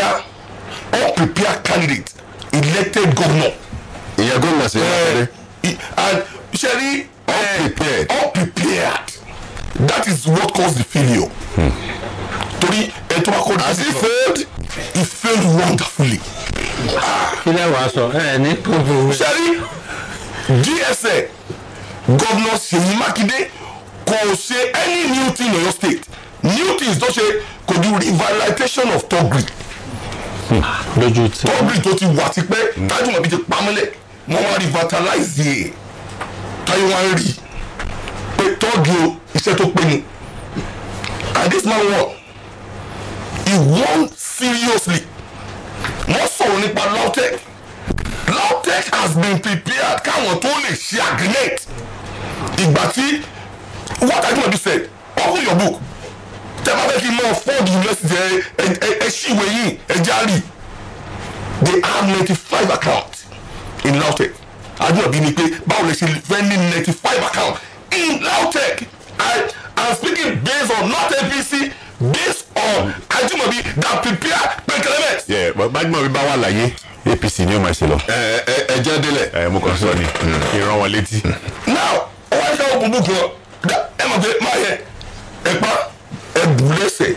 prepare all prepare candidate elected governor. ìyẹn gómìnà sí ìyá kẹdẹ. Eh, and sẹ́ni. all eh, prepared. all prepared that is what cause the failure. Hmm. torí ẹ tó bá kọ́ di. has he failed. he failed wonderfully. Ah. kí lẹ́ wàá sọ ẹ ní pọ̀pọ̀. sẹ́ni dsa governor seyi makinde kò ṣe any new thing in your state new things tó ṣe kò do revitalization of togri lójú tí. public tó ti wà tipẹ́ tájùmọ̀ bíi ti pamọ́lẹ̀ wọ́n wá revitalize ẹ̀ e. táyé wá ń rí pé tọ́jú o iṣẹ́ tó pé ni and this man won he won seriously wọ́n sọ̀rọ̀ nípa LAUTECH LAUTECH has been prepared káwọn tó lè ṣe aggregate ìgbà tí what i do be said open your book tẹ́ bá kí n mọ ford university ẹ ṣìwé yìí ẹ járì they have ninety five account in LAUTECH adúlọ̀bí ni pé báwo lè ṣe fẹ́ ní ninety five account in LAUTECH I am speaking based on not APC based on Ajumobi that prepare pẹkẹlẹmẹs. yẹ Ajumobi bá wà láyé APC ni ó máa ṣe lọ. ẹ ẹ ẹ jẹ́ délẹ̀. ẹ mo kàn sọ ni ìran wọn létí. now wọ́n ṣe àwọn bùbù kan ẹ mọ̀ pé máa yẹ ẹ pa ẹ bù lẹ́sẹ̀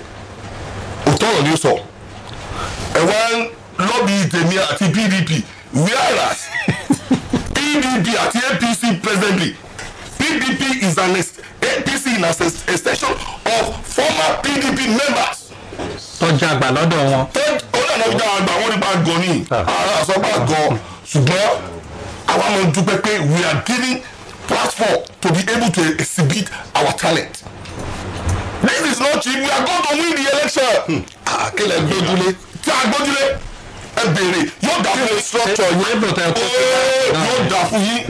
òótọ́ ọ̀rọ̀ ni ó sọ ẹ wá ń lọ́bì tèmi àti pdp whereas pdp àti apc presently pdp is an apc in an extension of former pdp members. tọ́jà àgbà lọ́dọ̀ wọn. tọ́jà ọ̀nà àgbà wọn nípa gan ni ara àsọgbà gan ṣùgbọ́n àwa máa ń dúpẹ́ pé we are giving platform to be able to exhibit our talent this is not cheap. we are going to win the election. àkìlẹ̀ hmm. ah, gbójúlé. tí a gbójúlé ẹ béèrè yóò dà fún structure yẹn yóò dà fún yín.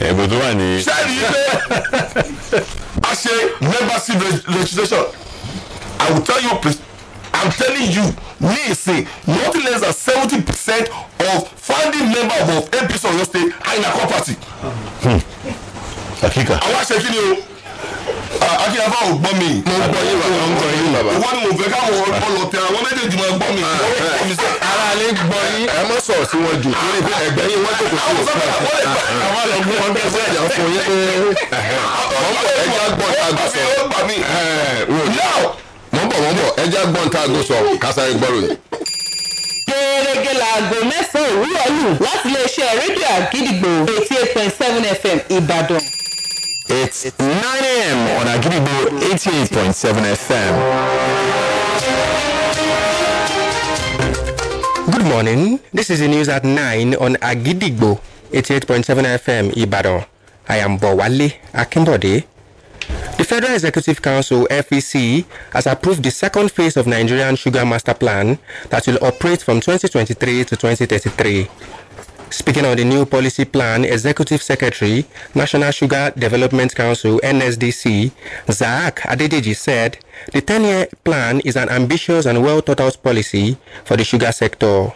ẹ̀bùn tó wà ní. sẹ́ẹ̀rì yìí pé a ṣe membership registration i will tell you i'm telling you Me say nothing less than seventy percent of founding members of apc oyo state are in akọ party. àkíkà. Hmm. àwa ṣe kí ni o akínyàfà ò gbọ́ mi. mo gbọ́ yín bàbá mo gbọ́ yín bàbá. ìwọ ni fẹ́ káwọn ọlọ àwọn méjèèjì máa gbọ́ mi. Ah, eh. ara lè gbọ́ yín. ẹ má sọ̀rọ̀ sí wọn jù torí pé ẹgbẹ́ yín wọ́n tòkó sí òkú ẹ̀. Ah, àwọn ọlọ́gbọ́n wọn bẹ́ẹ̀ sẹ́yà fún yín pé eh, eh, wọ́n bọ̀ ẹja gbọ́n tá a gbọ́ sọ. wọ́n bọ̀ wọ́n bọ̀ ẹja gbọ́n tá a gbọ́ sọ kásáré gbọ́rò yìí gẹ́gẹ́ láago mẹ́sàn-án òwúrọ̀ lù láti iléeṣẹ́ rédíò àgídìgbò eighty fm ìbàdàn. It's 9 a.m. on Agiribo 88.7 FM. Good morning. This is the news at 9 on Agidigbo 88.7 FM Ibadan. I am Bowale Akimbode. The Federal Executive Council FEC has approved the second phase of Nigerian Sugar Master Plan that will operate from 2023 to 2033. Speaking on the new policy plan, Executive Secretary, National Sugar Development Council, NSDC, Zak Adedeji said the 10 year plan is an ambitious and well thought out policy for the sugar sector.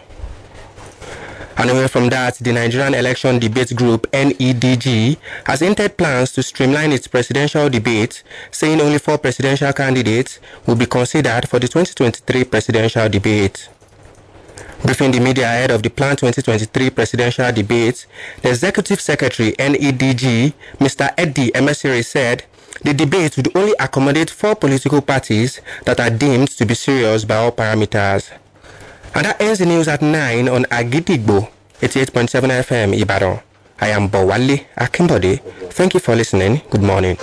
And away from that, the Nigerian Election Debate Group, NEDG, has entered plans to streamline its presidential debate, saying only four presidential candidates will be considered for the 2023 presidential debate. Briefing the media ahead of the planned 2023 presidential debates, the Executive Secretary, NEDG, Mr. Eddie Emesiri said the debate would only accommodate four political parties that are deemed to be serious by all parameters. And that ends the news at 9 on Agidigbo, 88.7 FM, Ibadan. I am Bowale Akimbode. Thank you for listening. Good morning.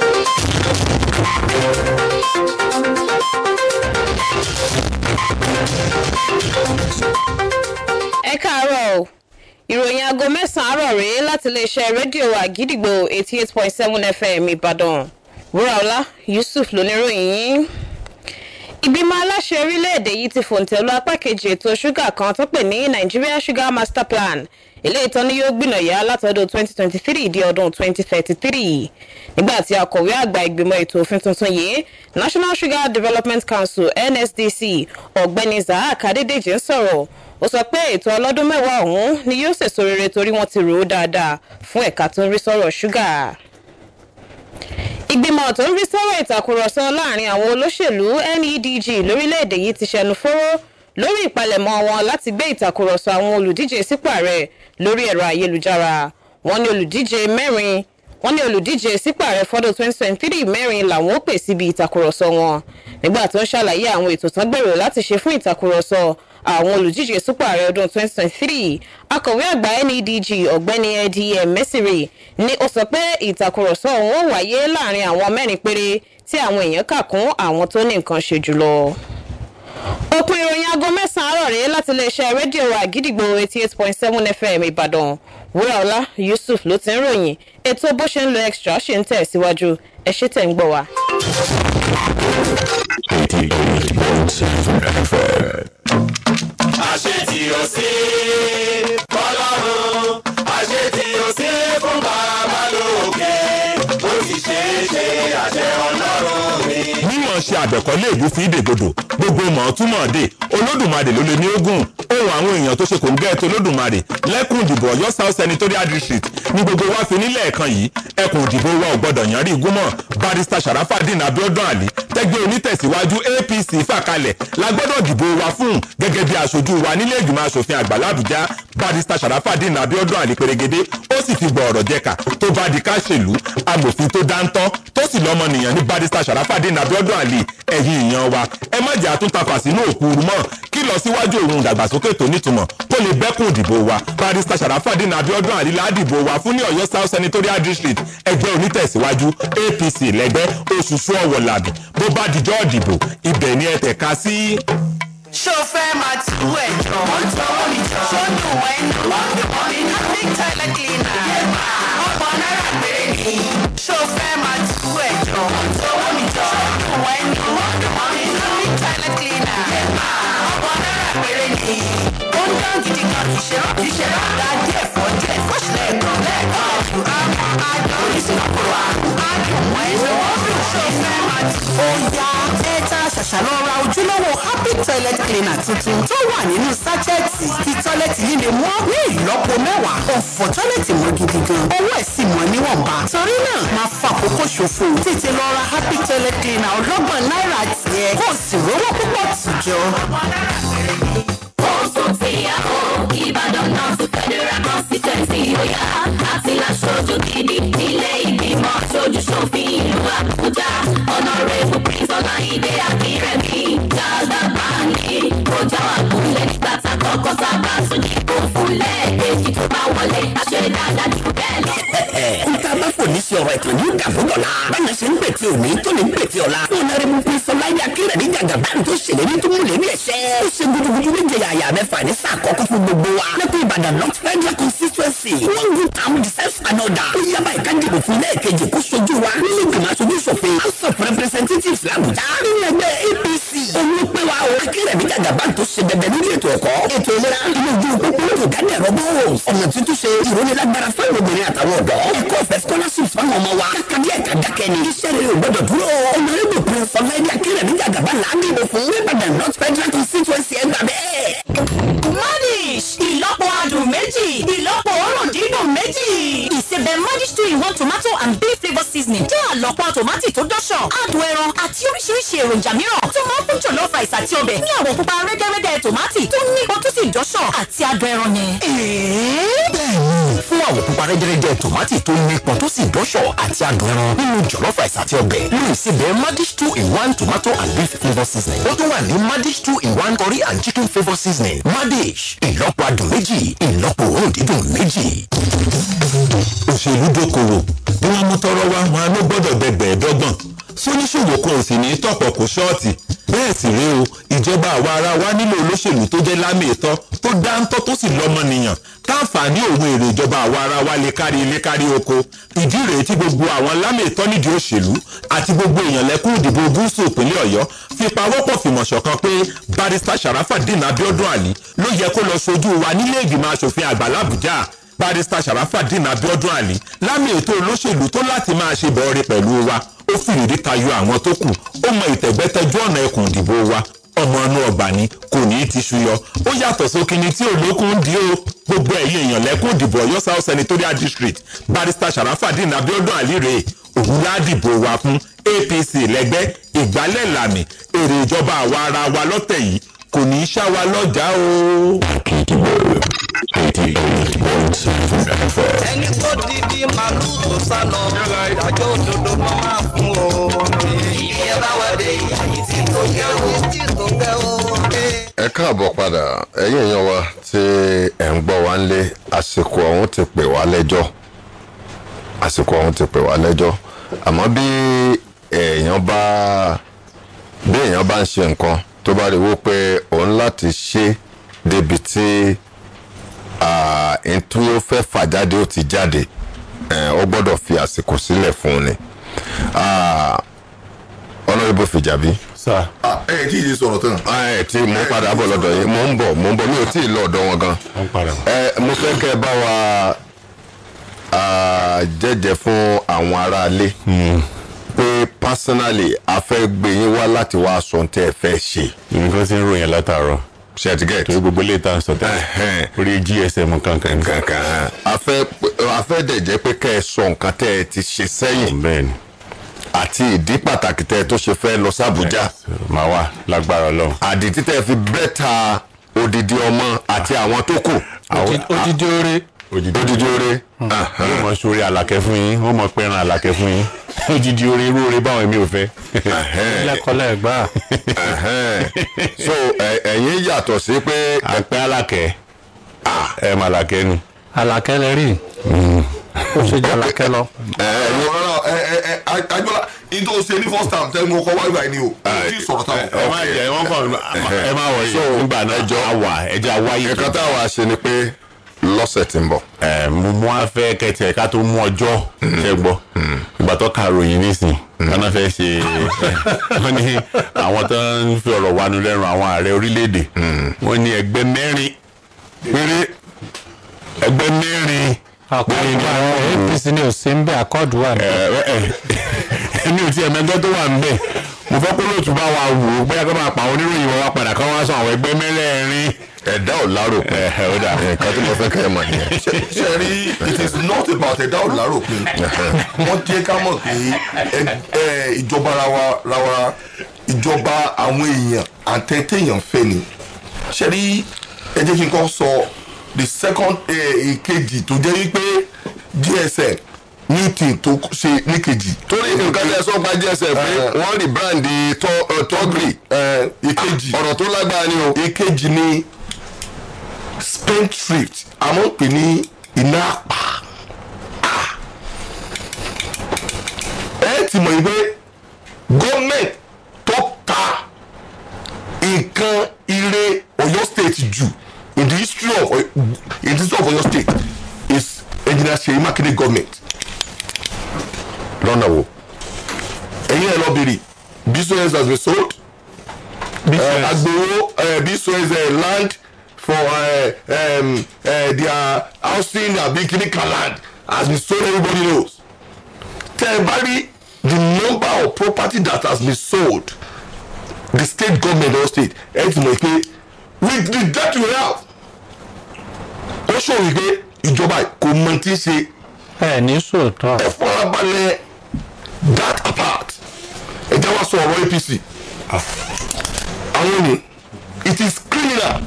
ìròyìn aago mẹ́sàn-án àárọ̀ rèé láti iléeṣẹ́ rédíò àgídìgbò eighty eight point seven fm ìbàdàn wúràọlá yusuf lóníròyìn yín ìgbìmọ̀ aláṣẹ orílẹ̀-èdè yìí ti fòǹtẹ̀ lu apá kejì ètò ṣúgà kan tó pè ní nigeria sugar master plan eléyìí tán ni yóò gbìnàyà látọdún 2023 di ọdún 2033 nígbà tí akọ̀wé àgbà ìgbìmọ̀ ètò òfin tuntun yìí national sugar development council nsdc ọ̀gbẹ́ni zahak adédèjì ń sọ̀rọ̀ ó sọ pé ètò ọlọ́dún mẹ́wàá ọ̀hún ni yóò sèso rere torí wọ́n ti rò ó dáadáa fún ẹ̀ka tó ń rí sọ́rọ̀ ṣúgà ìgbìmọ̀ tó ń rí sọ́rọ̀ ìtàkùrọ̀sọ láàrin àwọn olóṣèlú NEDG lórílẹ̀‐èdè yìí ti ṣẹnu fóró lórí ìpalẹ̀mọ́ wọn láti gbé ìtàkùrọ̀sọ àwọn olùdíje sípò ààrẹ lórí ẹ̀rọ ayélujára wọ́n ní olùdíje mẹ́rin wọ́n ní olùdíje sípò ààrẹ fọ́dún 2023 mẹ́rin làwọn ó pè síbi ìtàkùrọ̀sọ wọn nígbà tó ń ṣàlàyé àwọn ètò tán gbèrò láti ṣe fún ìtàkùrọ̀sọ àwọn olùdíje sípò ààrẹ ọdún 2023 akọ̀wé àgbà NEDG ọ̀gbẹ́ni ẹ̀dí ẹ̀mẹ́sìrì ni ó sọ pé ìtàkùrọ̀sọ òun ó wáyé láàrin àwọn mẹ́rin péré tí àwọn èèyàn kà kún àwọn tó ní nǹkan ṣe jùlọ òpin ìròyìn aago mẹ́sàn-án àárọ̀ rèé láti iléeṣẹ́ rédíò àgídìgbò eighty fm ìbàdàn wúràọlá yusuf ló ti ń ròyìn ètò bó ṣe ń lo extra ṣì ń tẹ̀síwájú ẹ ṣé tẹ̀ ń gbọ́ wa. eighty eight point seven fm. ṣe tí ó ṣe. ọlọ́run ṣe àbẹ̀kọ́lé ìlú fi ìdègodò gbogbo mọ̀ọ́túmọ̀ọ́dè olódùmarè ló lè ní ogún ohun àwọn èèyàn tó ṣe kò ń gẹ́ tó olódùmarè lẹ́kùn ìdìbò ọ̀yọ́ south senatorial district ní gbogbo wa fi nílẹ̀ ẹ̀kan yìí ẹkùn ìdìbò wa ò gbọ́dọ̀ yan rí igúnmọ̀ barrister sharafadin abiodun ali tẹ́gbẹ́ onítẹ̀síwájú apc fàkalẹ̀ la gbọ́dọ̀ dìbò wa fún gẹ́gẹ́ bí aṣojú wa nílé ìgbìmọ̀ asòfin àgbà làbújá barrister sharafadin abiodun ali pèrègede ó sì fi gbọ́ ọ̀rọ̀ jẹ́ka tó bá di káṣèlú amòfin tó dáńtọ́ tó sì lọ́mọnìyàn ní barrister sharafadin abiodun ali àlè ẹ̀yin èèyàn wa ẹ má jẹ́ àtúntakọ̀ àsínú òkú mọ́ kí lọ síwájú òun ìdàgbàsókè tó nítumọ̀ kó lè bẹ́kùn ìdìbò wa barista sàràfàdín abiodun àrílà àdìbò wa fún ní ọ̀yọ́ south senatorial district ẹgbẹ́ onítẹ̀síwájú apc lẹ́gbẹ́ oṣooṣù ọ̀wọ̀ làbì bó bá dìjọ́ ìdìbò ibẹ̀ ni ẹ tẹ̀ka sí. ṣó fẹ́ máa tìlú ẹ̀ jọ ó jọ wọ́n gidi kan ti ṣe rán ti ṣe rán ra díẹ̀ fọ́ díẹ̀ fọ́ṣù lẹ́ẹ̀kan lẹ́ẹ̀kan ọ̀dùn àwọn àjọ oríṣiríṣi kòrò àrùn àdùn wọn ẹgbẹ́ wọn fi ṣe ìfẹ́ máa ti. ó yá ẹja ṣàṣà lọ ra ojúlówó happy toilet cleaner tuntun tó wà nínú sájẹ́ẹ̀tì tí tọ́lẹ́tì líle mọ́ ní ìlọ́po mẹ́wàá ó fọ tọ́lẹ́tì mọ́ gidi gan owó ẹ̀ sì mọ́ níwọ̀nba torí náà máa fa àkókò ṣòfò tètè lọ ra happy toilet cleaner ọlọ́gbọ̀n náírà tiẹ̀ kó o sì rówó púpọ̀ tìjọ àlàáfíà o Ìbàdàn North Federal Constituency ọ̀yá àti láṣojú gidi ilé ìgbìmọ̀ aṣojú ṣòfin ìlú Àbújá Honorable Prince Ọláyídé Akínrẹ̀mí gbàgbà báńkì kọjá wà gúnlẹ̀ nígbà tá a kọ́kọ́ sábà tún dìbò fún lẹ́ẹ̀kejì tó bá wọlé àṣẹ dáadáa jù bẹ́ẹ̀ lọ. kúta bá fò ní sí ọ̀rọ̀ ètò ìlú dàbúdọ̀la báyọ̀ ṣe ń pètè òní tó ní pètè ọ̀la ẹrẹ̀mú fún sọláyà kílẹ̀ ní jàgàbá tó ṣèlérí tó múlẹ̀ ní ẹ̀ṣẹ́. ó ṣe gbogbogbò méje yàyà mẹ́fà ní sáà kọ́kọ́ fún gbogbo wa. lẹ́kọ̀ọ́ ìbàdàn north niger constituency one good town deserves an order. ó yaba ìkánjẹ̀kọ̀ fún lẹ́ẹ̀kejì kó sojú wa nínú ìgbìmọ̀ aṣojú ṣòfin house of representatives làbújá nínú ẹgbẹ́ apc. òun pé wa o akílẹ̀ ìpínlẹ̀ níjàgàbá làágbègbè fún nìbàdàn north federal constituency ẹgbà bẹ́ẹ̀. modish ìlọ́pọ̀ adùn méjì ìlọ́pọ̀ òórùn dídùn méjì. ìsebẹ̀ modish two in one tomato and beef flavour seasoning jẹ́ àlọ́pọ̀ tòmátì tó dọ́ṣọ̀ adùn ẹran àti oríṣiríṣi èròjà mìíràn tó máa ń fún jọ̀lọ́ rice àti ọbẹ̀ ní àwọ̀ pupa rẹ́gẹ́rẹ́gẹ́ tòmátì tó ní ipò tó sì dọ́ṣọ̀ àti adùn ẹran yẹn. ẹ̀ẹ́ bẹ́ẹ̀ ni fún àwọ̀ pupa rẹ́jẹrẹ́jẹ tòmátì tó nípọn tó sì dọ́ṣọ̀ àti adùn ẹran nínú jọ̀lọ́fà àti ọbẹ̀ lórí ìsebẹ̀ madish two in one tomato and beef flavour seasoning ó tún wà ní madish two in one curry and chicken flavour seasoning madish ìlọ́po adùn méjì ìlọ́po òórùn dídùn méjì. òṣèlú dókòwò bí wọ́n mú tọrọ wá wọn ló gbọ́dọ̀ bẹ̀bẹ̀ dọ́gbọ̀n sóníṣòwò kan ò sì ní tọ̀pọ̀ kò ṣọ́ọ̀tì bẹ́ẹ̀ sì rèé o ìjọba àwa ara wa nílò olóṣèlú tó jẹ́ lámìítọ́ tó dáńtọ́ tó sì lọ́mọnìyàn káǹfààní òun èrè ìjọba àwa ara wa lè kárí ilé kárí oko ìdí rèé tí gbogbo àwọn lámìítọ́ nídìí òṣèlú àti gbogbo èèyàn lẹ́kùn ìdìbò gúúsù ìpínlẹ̀ ọ̀yọ́ fi pawọ́pọ̀ fìmọ̀ ṣọ̀kan pé barista sharafadin abiodun ali ló yẹ kó lọ sojú wa nílé ìgbìmọ̀ asòfin àgbà làbújá barista sharafadin abiodun ali lámì ètò olóṣèlú tó láti máa ṣe bọ̀ọ́rẹ́ pẹ̀lú wa ó fìrírí tayọ àwọn tó kù ó mọ ìtẹ̀gbẹ́tẹ́jú ọ̀nà ẹkùn ìdìbò wa ọmọ inú ọgbà ni kò ní í ti ṣuyọ ó yàtọ̀ sókínní tí olókùn dí o gbogbo ẹ̀yìn èèyàn lẹ́kùn ìdìbò ọ̀yọ́ south senatorial district barrister sharafadin abiodun alire òun ládìbò wa fún apc lẹ́gbẹ́ ìgbálẹ̀ làmì èrè ìjọba àwa ara wa lọ́tẹ̀ yìí kò ní í ṣá wa lọ́jà o. ẹni tó di bí màlúù tó sá lọ ìdájọ́ òdodo mọ́ máa fún o. ìyẹn báwa dé ìyá tí tó gẹ́ o ẹ káàbọ̀ padà ẹ̀yin èèyàn wa tí ẹ̀ ń gbọ́ wa ń àsìkò ọ̀hún ti pè wá lẹ́jọ́ àsìkò ọ̀hún ti pè wá lẹ́jọ́ àmọ́ bí èèyàn bá bí èèyàn bá ń ṣe nǹkan tó bá rí wó pé òun láti ṣe débi tí ntí ó fẹ́ fà jáde ó ti jáde ó gbọ́dọ̀ fi àsìkò sílẹ̀ fún un ni ọlọ́yìnbó fìjàbí. ẹ ẹ tí ì sọ̀rọ̀ tán. ẹ tí mo padà bọ̀ lọ́dọ̀ yìí mo ń bọ̀ mo ń bọ̀ mi ò tí ì lọ ọ̀dọ̀ wọn gan. ẹ mo fẹ́ kẹ́ ẹ bá wa jẹ́jẹ́ fún àwọn aráalé. Hmm personally a fẹ́ gbé yín wá láti wá sọ tẹ́ ẹ fẹ́ ṣe. nǹkan ti ń ròyìn látàárọ̀ certificate. torí gbogbo ilé ìta sọ tẹ́lẹ̀ orí gsm kankan. kankan afẹ́ afẹ́ dẹ̀ jẹ́ pé kẹ́ ẹ sọ nǹkan tẹ́ ẹ ti ṣe sẹ́yìn. bẹ́ẹ̀ni. àti ìdí pàtàkì tẹ́ ẹ tó ṣe fẹ́ lọ sí Àbújá. màá wà lágbára Ọlọ́run. àdìtí tẹ́ fi bẹ́ẹ̀ ta odidi ọmọ àti àwọn tó kù. odidi oore òdìdí oore hmm. yóò mọ sórí àlàkẹ́ fún yín wọ́n mọ pẹ́ran àlàkẹ́ fún yín òdìdí oore irú oore báwọn èmi ò fẹ́. ìyàkọ́lá ẹ̀ gbà. so ẹ̀yin yàtọ̀ sí pé. àpẹ́ àlàkẹ́ ẹ̀ mà àlàkẹ́ ni. àlàkẹ́ lẹ rí hmm. ó ṣe jẹ́ àlàkẹ́ lọ. ẹ̀yin ọ̀rọ̀ ẹ̀ ẹ̀ àjọlá n tó ṣe ní first time tẹ́lẹ̀ mo kọ́ wáyé báyìí ni o kí sọ̀rọ̀ táwọn. ẹ má jẹ ẹ má wọ̀ yìí nígbà náà ẹjọ́ àwà ẹjọ́ àwáyé. ẹ̀ka táwa ṣe ni pé lọ́sẹ̀ tí ń bọ̀. ẹ mo mú afẹ kẹtẹ ká tó mú ọjọ́ mm. ṣe gbọ́ mm. ìgbà tó ka ròyìn nísìn mm. wọn náà fẹ́ ṣe wọn ní àwọn tó ń fi ọ̀rọ̀ wánu lẹ́nu àwọn ààrẹ orílẹ̀-èdè wọn ní ẹgbẹ́ mẹ́rin àkọ́dù wà apc ni ò sí ń bẹ àkọ́dù wà ní. èmi ò tiẹ̀ mẹ́jọ tó wà ń mo fẹ́ kó lóòtú bá wa wò ó bóyá kó máa pa oníròyìn wọn padà kó wá sọ àwọn ẹgbẹ́ mẹ́lẹ́ẹ̀rin ẹ̀dá ò lárò pé ẹ̀dá ẹ̀ka tí mo fẹ́ kẹ́ ẹ̀ mọ̀ nìyẹn. ṣe it is not about ẹ̀dá ò lárò pé wọ́n jẹ́ ká mọ̀ pé ìjọba rawara ìjọba àwọn èèyàn àtẹ̀tẹ̀yàn fẹ́ ni ṣe ẹ jẹ́ kí n kọ́ sọ the second eh, ìkejì tó jẹ́ wípé gsm new thing tó ṣe níkejì. torí nǹkan tí ẹ sọ pa gsm pé eh. wọ́n rí brand tọ́gìrì eh, ìkejì ah, ọ̀rọ̀ tó lágbára ni o. ìkejì ni spendthrift àmọ́ pè ní iná àpá. Ah. ẹ ti mọ̀ yìí pé gọ́ọ̀mẹ̀ntì tó ta nǹkan ire Ọ̀yọ́ state jù. Ṣèyí Mákindé government lọ́nà wo ẹ̀yin ẹ̀ lọ bèrè bí soils has been sold agbowó bí soils land for uh, um, uh, their housing àbí kìnnìkan land has been sold everybody knows tẹ́ ẹ the number of property that has been sold the state government or state ẹ ti mọ̀ pé with the debt we have ó ṣòwò pé ìjọba kò mọ tí ń ṣe. ẹ ní sòótọ́. ẹ farabalẹ̀ that apart ẹ jẹ́ wá sọ ọ̀rọ̀ APC ah. àwọn ni it is criminal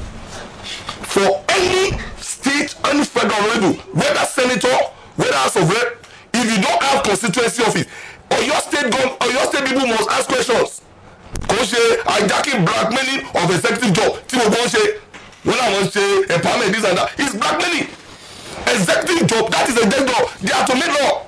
for any state any federal level whether senator whether house of rep if you don't have constituency office Oyo state government Oyo state people must ask questions kò ń ṣe hijacking blackmailing of executive job tí gbogbo ń ṣe wọn làwọn ń ṣe empowerment this and that it's blackmailing executive job that is a dead law they are to make law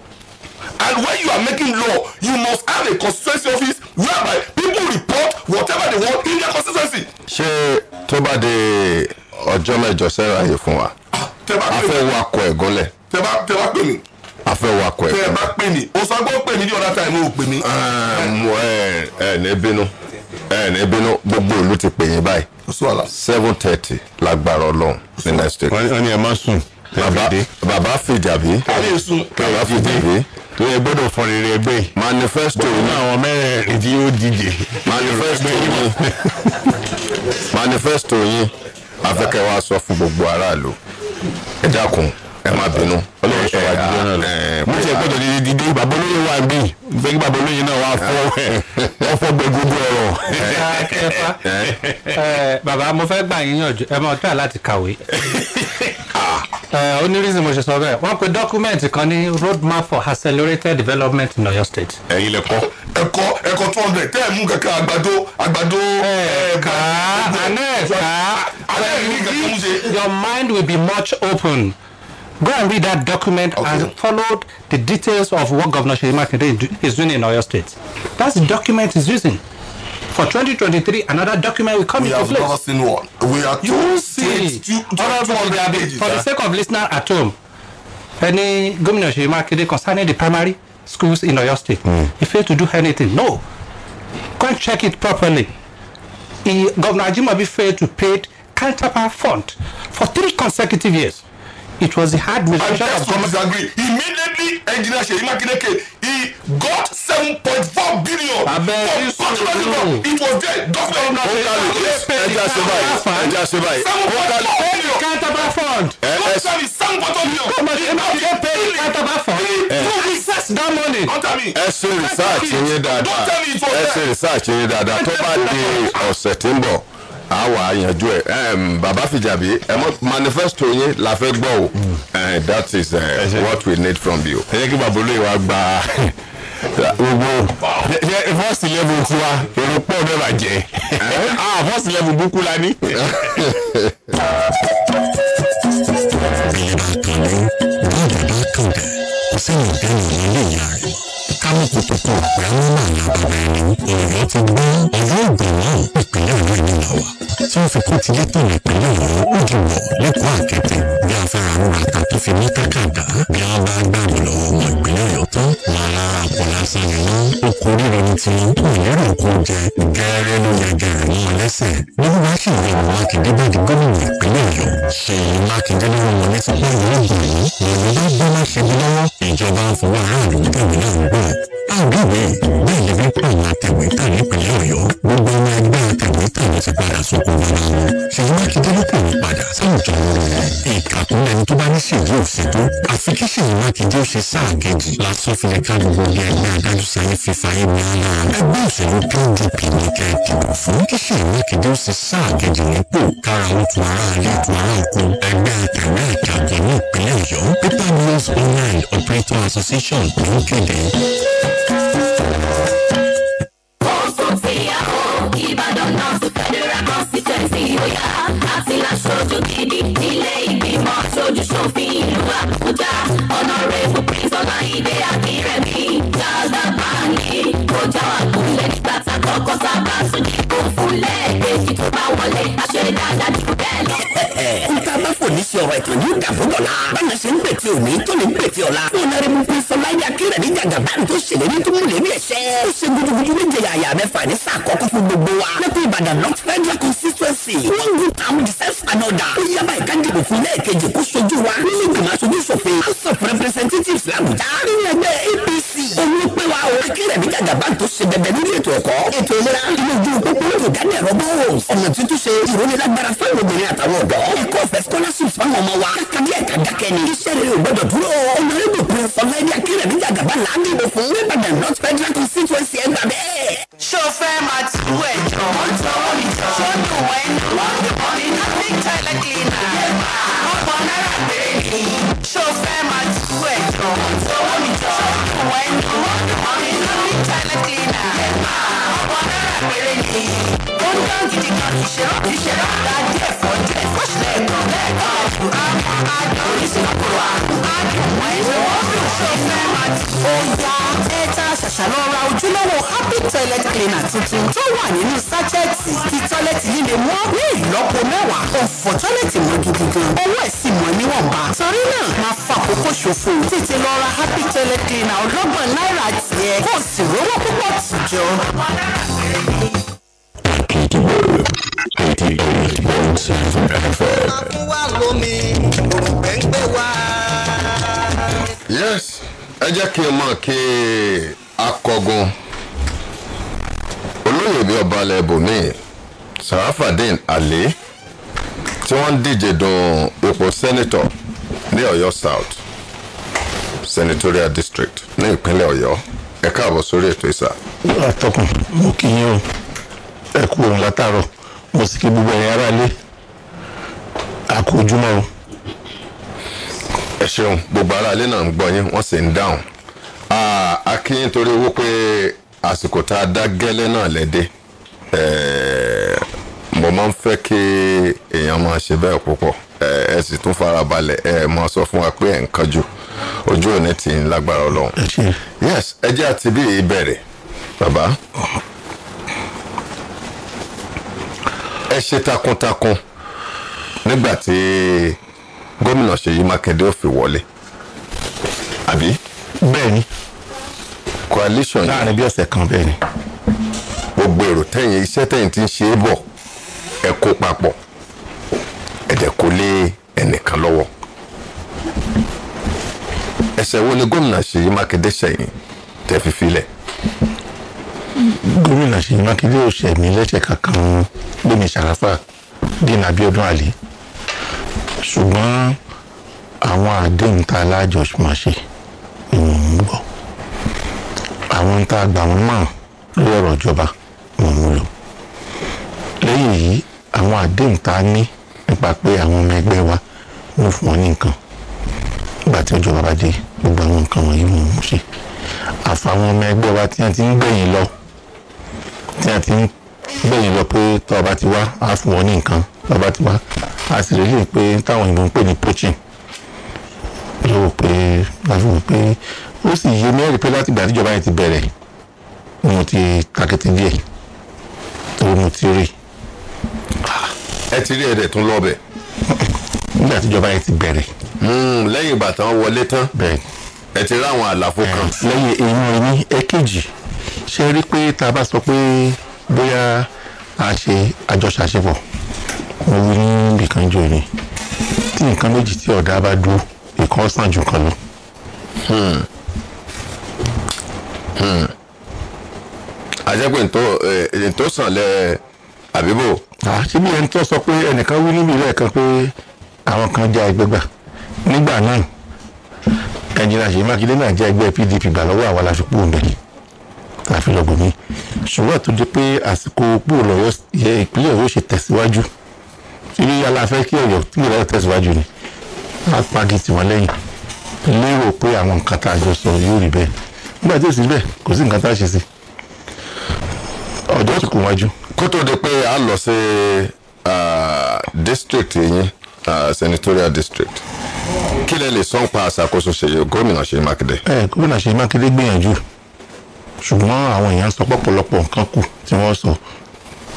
and when you are making law you must have a constituency office whereby people report whatever they want in their constituency. ṣé tó bá de ọjọ́ mẹ́jọ sẹ́yìn ààyè fún wa ah, a fẹ́ wá kọ ẹ̀gán lẹ̀. tẹ bá tẹ bá pè mí. a fẹ́ wá kọ ẹ̀gán. tẹ bá pè mí o sọ pé ó pè mí ní ọ̀dà táìmù ò pè mí. ẹ ẹ ní bínú ẹ ní bínú gbogbo ìlú ti pè yín báyìí seven thirty lágbára ọlọ́run ní next day. wọ́n ní ẹ má sùn fèdè. bàbá fèjàbí. kábíyèsú bàbá fèjàbí. tó yẹ gbọ́dọ̀ fọ rere ẹgbẹ́ yìí. manifesto ni àwọn mẹ́rẹ̀ẹ̀rin tí yóò díje. manifesto yìí manifesto yìí afẹ́kẹ́ wa sọ fún gbogbo aráàlú ẹ dákun ẹ má bínú. ọlọ́run sọ wá dídé náà rẹ̀. mo ti ẹ̀ gbọ́dọ̀ dídé dídé bàbá olóyè wà bí bẹ́ẹ̀ bàbá olóyè náà wà fọ́ ẹ̀ fọ́ gbẹgbẹgbẹ ọ̀rọ̀. bàbá mo fẹ́ gbà yín yànjú ẹ máa tọ́ àláti kàwé. onírísì ṣe sọ bẹ́ẹ̀ wọ́n pe dọ́kúmẹ̀ntì kan ní roadmap for accelerated development in oyo state. ẹyin lè kọ ẹkọ ẹkọ two hundred tẹ ẹ mú kankan àgbàdo àgbàdo. ẹ ká anẹ ká when your mind will be much open go and read that document okay. and follow the details of what governor seyi makinde is doing in oyo state that's the document he's using for 2023 another document will come we into place. We have not seen one. We are two states, two, two, hundred pages. For the sake of listener at home, any gómìnà ṣèyí mákindé concerning the primary schools in oyo state mm. he fail to do anything no go and check it properly he governor ajimobi fail to pay counterpart fund for three consecutive years It was the administration of government. agree. Immediately, Engineer Seyi Makindeke, he got 7.4 billion. Abẹ́ ìṣòro ìlú. It was there. Government of Nigeria. Ó kàlù ẹja ṣe báyìí. Ẹja ṣe báyìí. Ó kàlù pay the counterpart fund. Government is 7.4 billion. Government dey pay eh. the counterpart fund. To research that money. Ẹ ṣe research yín dáadáa. Ẹ ṣe research yín dáadáa. Tó bá di ọ̀sẹ̀ tí ń bọ̀ a wà á yanjú ẹ bàbá fìjàbí ẹ mọ manifesto yín la fẹ́ gbọ́ o hmm. eh, that is uh, what we need from you. ẹ jẹ́ kí bàbá olóyè wa gba gbogbo ṣe first level tiwa èrò pọ̀ mẹ́fà jẹ́ eh? ah, first level búkú la ní. bí ẹ bá kàn ló bí ẹ bá kàn dà kò sẹ́yìn ọ̀gá nìyẹn kámọ̀ kòtòkò ọ̀pá nínú àwọn bàbá ẹni ti gbé ẹ̀rọ ìgbìmọ̀ ìpínlẹ̀ ọ̀yọ́ ìlú wa tí wọ́n fi kó tilé tẹ̀lé ìpínlẹ̀ ọ̀yọ́ òdìwọ̀ lẹ́kọ̀ọ́ àkẹ́tẹ̀ẹ́ afẹ́ra wọn bàtà tó fi ní kàkàdá bí wọ́n bá gbàgbọ́ lọ́wọ́ ọmọ ìpínlẹ̀ ọ̀yọ́ tán wọn lára àpọ̀ lásán ni wọ́n oko ríro ní tiwọn tó lérò oko jẹ gẹ́rẹ́ ló yẹ gẹ̀rẹ́ mọ́ lẹ́sẹ̀ bí wọ́n bá sì rí ọmọ mákindé bá di gómìnà ìpínlẹ̀ ọ̀yọ́ ṣèyí mákindé ló wọn ní sọpọ́ ìlú ìgbìmọ̀ lọ́dún bá bá má ṣe bí lọ́wọ́ ìjọba ń fọwọ́ aráàlú tẹ̀wé náà ń gbọ́ àgbègbè bẹ́ẹ̀ ni wípé àwọn atẹ̀wé tà nípìnlẹ̀ ọ̀yọ́ gbogbo ọmọ ẹgbẹ́ atẹ̀wé tà ló ti padà sóko wọn ṣèyí mákindé ló kò ní padà sáwùjọ wọn ìkàp òun ẹni tó bá ní ṣèyí òfìdó àfi kí ṣèyí mákindé ó ṣe sáà kejì lásán fi lè ká gbogbo ilé ẹgbẹ́ adájú sáyé fífa ayé mi ara ẹgbẹ́ òṣèlú pdp ní ká ìdìbò fún kí ṣèyí mákindé ó ṣe sáà kejì nípò kára ó tu ara ilé tu ara oko ẹgbẹ́ àtàrí àtàgbẹ̀ ní ìpínlẹ̀ ọ̀yọ́ paper mills online operator association ló ń kéde. Ìbàdàn náà federal sí bóyá àti láṣojú gidi nílé ìgbìmọ̀ sojú ṣòfin ìlú Àbújá ọ̀nàrẹ́bù prince ọláyídé akínrẹ̀mí jáde báńkì kọjá wà kúnlẹ̀ nígbà tá kọ́kọ́ sábà sójú kó fúnlẹ̀ èjì tó bá wọlé àṣẹ dáadáa jù bẹ́ẹ̀ lọ. kúta bá fò ní ṣe ọ̀rọ̀ ètò yóò dà fún dọ̀la báyọ̀ ṣe ń gbètì òní tó ní gbètì ọ̀la ọ̀nàrẹ́bù prince ọláyídé akínrẹ̀mí jàgà báńkì tó ṣèlérí tó múlẹ̀ ní ẹ̀ṣẹ́ ó ṣe gudugudu méje yàyà mẹ́fà ní sáà kọ́kọ́ fún gbogbo wa lẹ́kọ̀ọ́ Ìbàdàn north federal constituency sí i. wọ́n ń ta àwọn ìṣe fanọ́dà. ó yá báyìí ká dìbò fún lẹ́ẹ̀kejì kó sojú wa. nínú ìgbìmọ̀ aṣojú ṣòfin. house of representatives làbújá. nínú ẹgbẹ́ apc. olú pé wa o. akérè bí gàgàbá tó ṣe bẹ̀bẹ̀ nínú ètò ẹ̀kọ́. ètò ìlera inú ojú pópó ló dání ẹ̀rọ bó o. ọ̀nà tuntun ṣe ìrónilágbára fáwọn obìnrin àtàwọn ọ̀dọ́. ẹ̀kọ́ ọ̀fẹ́ scholarship fáwọn ọmọ wa. kákàbí ẹ̀ka dákẹ́ ni. iṣẹ́ rere ò gbọ́dọ̀ dúró. cleaner tuntun tó wà nínú sájẹ́ẹ̀tì ti tọ́lẹ́tì líle mọ́ ní ìlọ́po mẹ́wàá ó tọ́lẹ́tì mọ́ gidi gan owó ẹ̀ sì mọ́ níwọ̀nba torí náà máa fa àkókò ṣòfò tètè lọ ra happy toilet cleaner ọlọ́gbọ̀n náírà tiẹ̀ kó o sì rówó púpọ̀ tìjọ. yes ẹ jẹ́ kí n mọ̀ kí akọgun olóyèmí ọba alẹ́ bòmí sarafadin ali tí wọ́n ń díje dun ipò sẹ́nitọ̀ ní ọ̀yọ́ south senatorial district ní ìpínlẹ̀ ọ̀yọ́ ẹ káàbọ̀ sórí ètò ìsà. àtọkùn mo kì í yan ẹ kú òun látàárọ̀ mo sì kí gbogbo ẹ̀yin aráalé àkójúmọ́ o. ẹ ṣeun gbogbo aráalé náà ń gbọ́ yín wọ́n sì ń dáhùn a kí yín torí wípé àsìkò tá a dá gẹ́lẹ́ náà lẹ́dẹ́ eh, mo máa ń fẹ́ kí èèyàn máa ṣe bẹ́ẹ̀ púpọ̀ eh, ẹ sì tún farabalẹ̀ ẹ máa sọ fún wa pé ẹ̀ ń kánjú ojú òní ti ń lágbára ọlọ́run yes ẹ jẹ́ àti bí ìbẹ̀rẹ̀ bàbá ẹ ṣe takuntakun nígbà tí gómìnà Ṣèyí Mákindé ò fi wọlé àbí. bẹ́ẹ̀ni coalition yìí láàrin bí ọ̀sẹ̀ kan bẹ́ẹ̀ ni. gbogbo èrò tẹ̀yìn iṣẹ́ tẹ̀yìn ti ń ṣe é bọ̀ ẹ kó papọ̀ ẹ̀dẹ̀ kó lé ẹnìkan lọ́wọ́. ẹsẹ̀ wo ni gómìnà Ṣèyí Mákindé ṣẹ̀yìn tẹ́ fi filẹ̀. gómìnà Ṣèyí Mákindé ò ṣẹ̀mí lẹ́sẹ̀ kankan lómi Ṣàràfà dínà Abíọ́dún Àlè ṣùgbọ́n àwọn àdéhùn tá a lájọ máa ṣe ni àwọn tá a gbà wọ́n mọ̀ lórí ọ̀rọ̀ ìjọba wọ́n mú lò lẹ́yìn èyí àwọn àdéhùn tá a ní nípa pé àwọn ọmọ ẹgbẹ́ wa wọ́n fún wọn ní nǹkan nígbà tí ìjọba bá dé gbogbo àwọn nǹkan wọ̀nyí wọ́n mú ṣe àfàwọn ọmọ ẹgbẹ́ wa tí wọ́n ti ń gbẹ̀yìn lọ tí wọ́n ti ń gbẹ̀yìn lọ pé tọ́ ọba ti wá á fún wọn ní nǹkan tọ́ ọba ti wá á sì rí lè pé táwọn ìbò pè ní poaching ló pé láti rò pé ó sì yé mẹ́rin pé láti ìgbà tíjọba yẹn ti bẹ̀rẹ̀ ni mo ti kàkété díẹ̀ torí mo ti rí. ẹ ti rí ẹ̀rẹ̀ tún lọ́ọ̀bẹ̀. nígbà tíjọba yẹn ti bẹ̀rẹ̀. Hmm, lẹ́yìn ìgbà tán wọlé tán ẹ ti rí àwọn àlàfo kan. lẹ́yìn eyín eyín ẹ̀kejì ṣe rí pé tá a bá sọ pé bóyá a ṣe àjọṣàṣepọ̀ mo wí níbi kan jò ní tí nǹkan méjì tí ọ̀dà bá dúró ìkan jù kan lọ. Hmm àjẹpẹ́ hmm. ntọ́ ẹ̀ ntọ́ sàn lẹ́ àbíbò. àṣìbí ah, ẹni tó sọ pé ẹnìkan wí níbi lẹ́ẹ̀kan pé àwọn kan já ẹgbẹ́ gbà nígbà náà ẹnjìnà Ṣèyí Mákindé náà já ẹgbẹ́ PDP gbà lọ́wọ́ àwọn aláṣepọ̀ òǹbẹ̀lẹ̀ àfilọ́gbọ̀n mi ṣùgbọ́n tó di pé àsìkò pòòlù ọ̀yọ́ ìpínlẹ̀ ọ̀yọ́ ṣe tẹ̀síwájú tí aláfẹ́ kí ọ̀yọ́ tí ìrẹ́ tẹ̀síwájú ni apá gidi wọn lẹ́yìn lérò pé àwọn nǹkan tá a jọ sọ yóò rí bẹ́ẹ̀ nígbà tí ò sí bẹ́ẹ̀ kò sí nǹkan tá a ṣe sí ọjọ́ kò wájú. kó tó di pé a lọ sí district yín senatorial district kí lẹ lè sọ́n pa àṣàkóso gómìnà Ṣèyí Mákindé. ẹ gómìnà Ṣèyí Mákindé gbìyànjú ṣùgbọ́n àwọn èèyàn sọ pọ̀pọ̀lọpọ̀ nǹkan kù tí wọ́n sọ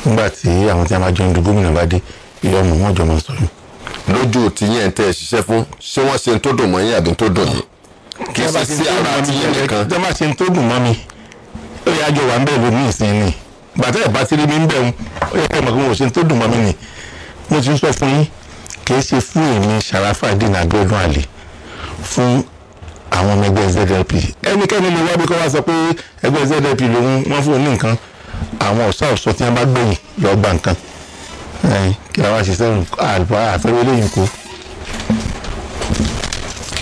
nígbà tí àwọn tí a máa jọ ń du gómìnà bá dé ìyọnu wọn jọ máa sọ yìí. lójú tìyẹn tẹ ẹ ṣiṣẹ́ fún ṣé wọ́n ṣe ń tó dùn mọ́ yín àbí tó dùn yìí kí wọ́n bá ti ṣe ara ti yẹn nìkan. tí wọ́n bá ṣe ń tó dùn mọ́ mi ó yẹ àjọ wà ń bẹ̀rù ní ìsìn ni bàtà ẹ̀ bá ti rí mi ń bẹ̀rù ó yẹ kẹ́mọ̀ pé mo ṣe ń tó dùn mọ́ mi ni mo ti ń sọ fún yín kì í ṣe fún èmi Sharafat dina gbẹ́dùn àlè fún àwọn ọmọ ẹgbẹ́ ZLP ẹnikẹ́ni lè wá bí kọ́ wá sọ pé ẹgbẹ́ ZLP lòun wọ́n fún un nǹkan àwọn ọ̀sá ọ̀sọ́ tí wọ́n bá gbẹ̀yìn lọ́ọ́ gba nǹkan kí àwọn àṣìṣe àfẹ́wé lẹ́yìn kú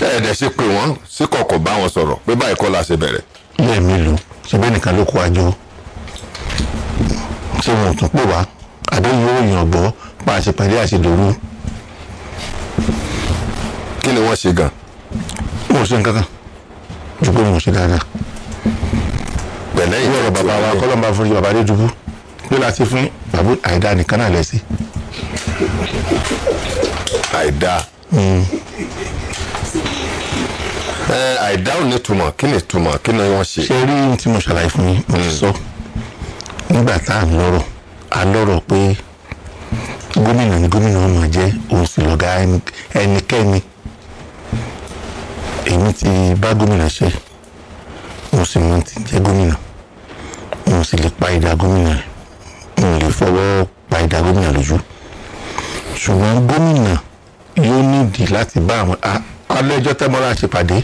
ẹ̀ẹ́dẹ̀ ṣe pé wọ́n sí kọ̀kọ̀ bá wọn sọ̀rọ̀ pé báyìí kọ́ la ṣe bẹ̀rẹ̀. ilé mi lù ṣebí nìkan ló kó àjọ ṣé wọn ò tún pè wá àdéhùn yóò yàn gbọ́ pa àṣepàdé àṣedòru. kí ni wọ́n ṣe gan. mo ṣe nǹkan kan ju pé mo ṣe dáadáa. pẹ̀lẹ́ ìwé ọ̀rọ̀ bàbá wa kọ́lọ́mbà fún yìí bàbá dé dùbú pé láti fún bàbá àìdá nìkan náà lẹ́sí. àìdá. Hmm àìdá ò ní túmọ̀ kí ni túmọ̀ kí ni wọ́n ṣe. ṣe rí ohun tí mo ṣàlàyé fún yín mo ti hmm. sọ nígbà tá à ń lọ́rọ̀ à ń lọ́rọ̀ pé gómìnà ni gómìnà ọmọ jẹ́ òun sì lọ́gá ẹnikẹ́ni èmi ti bá gómìnà ṣe mo sì mọ ti jẹ́ gómìnà mo sì lè pa ìdá gómìnà mo lè fọwọ́ pa ìdá gómìnà lójú ṣùgbọ́n gómìnà yóò nídìí láti bá àwọn alẹ́jọ́ tẹ́mọ́lá ṣèpàdé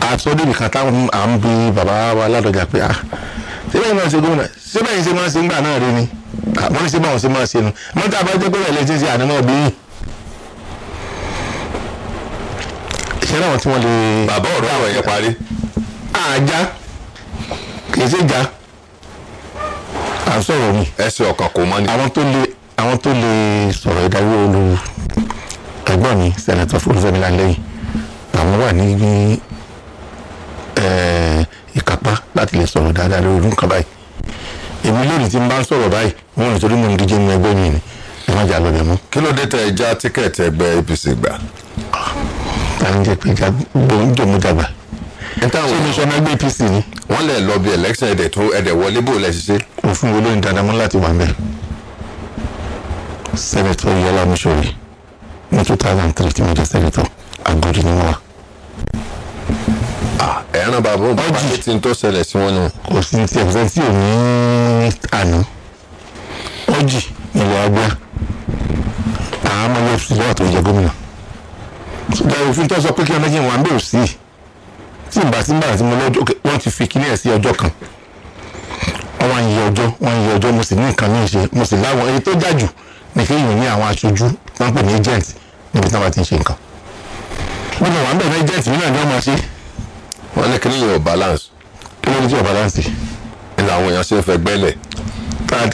àsọ débi kan táwọn à ń bi bàbá wa ládọjà pé ah síbẹ̀ yìí máa ṣe gómìnà síbẹ̀ yìí ṣe máa ṣe ńgbà náà rí ni wọ́n ní síbẹ̀ wọ́n ṣe máa ṣe nu mọ́tà bá jẹ́ gómìnà lẹ́sìn sí àdámọ́ bí yìí. ìṣẹ́ náà tí wọ́n lè. bàbá ọ̀rọ̀ àwọn yẹn parí. àjà kì í ṣe ìjà à ń sọ̀rọ̀ mi. ẹsẹ̀ ọ̀kan kò mọ́ ni. àwọn tó lè àwọn tó lè sọ̀rọ̀ ìdáwó olówó ẹ̀gbọ́n mi sẹ̀nẹ̀tọ̀ fúnfẹ́mi lálẹ́ yìí àwọn wà ní dáadáa lórí irú nǹkan báyìí èmi lónìí tí n bá ń sọ̀rọ̀ báyìí wọn ò torí mo ń díje nínú ẹgbẹ́ mi ni ẹ má jà lọ́dẹ̀ mọ́. kí ló dé tẹ ẹja tíkẹ́ẹ̀tì ẹgbẹ́ APC gbà. àwọn jẹ pé gbòǹdò mo dàgbà ṣé mi sọmọ ẹgbẹ́ APC ni. wọ́n lè lọ bí election ẹ̀dẹ̀ tó ẹ̀dẹ̀ wọlé bó lẹ̀ ṣiṣẹ́. òfin wo ló ń dandan mọ́ láti wà mẹ́rin sẹ́nẹ̀tọ̀ yọlá mi ṣòro ní two thousand three tí mo jẹ́ sẹ́nẹ̀tọ̀ àgọ́dì ni mo wà ẹran bàbá òun bàbá yìí ti ń tó ṣẹlẹ̀ sí wọn nù. kò sí ti ẹ̀fẹ́ tí ò ní àná ọjì ilẹ̀ agbá àmọ́ yóò fi lọ́wọ́ tó yẹ gómìnà. ṣùgbọ́n òfin tó sọ pé kí ọmọ jẹ́ wọn bẹ́ẹ̀ sí tí ìgbà tí bàbá tí mo lọ́jọ́ wọ́n ti fi kíní ẹ̀ sí ọjọ́ kan wọ́n ń yẹ ọjọ́ wọ́n ń yẹ ọjọ́ mo sì ní nǹkan mí ṣe mo sì láwọn èyí tó dájú ni kí èèyàn ní àwọn aṣojú wọn pè ní agent níbi tí ti ń ṣe nǹkan. wọ́n lọ wà ń bẹ̀rẹ̀ agent mi náà ni wọ́n máa ṣe é wọ́n ní kíní yẹn balance kí ló ní tí ò balance ni làwọn èèyàn ṣe ń fẹ́ gbẹ́lẹ̀.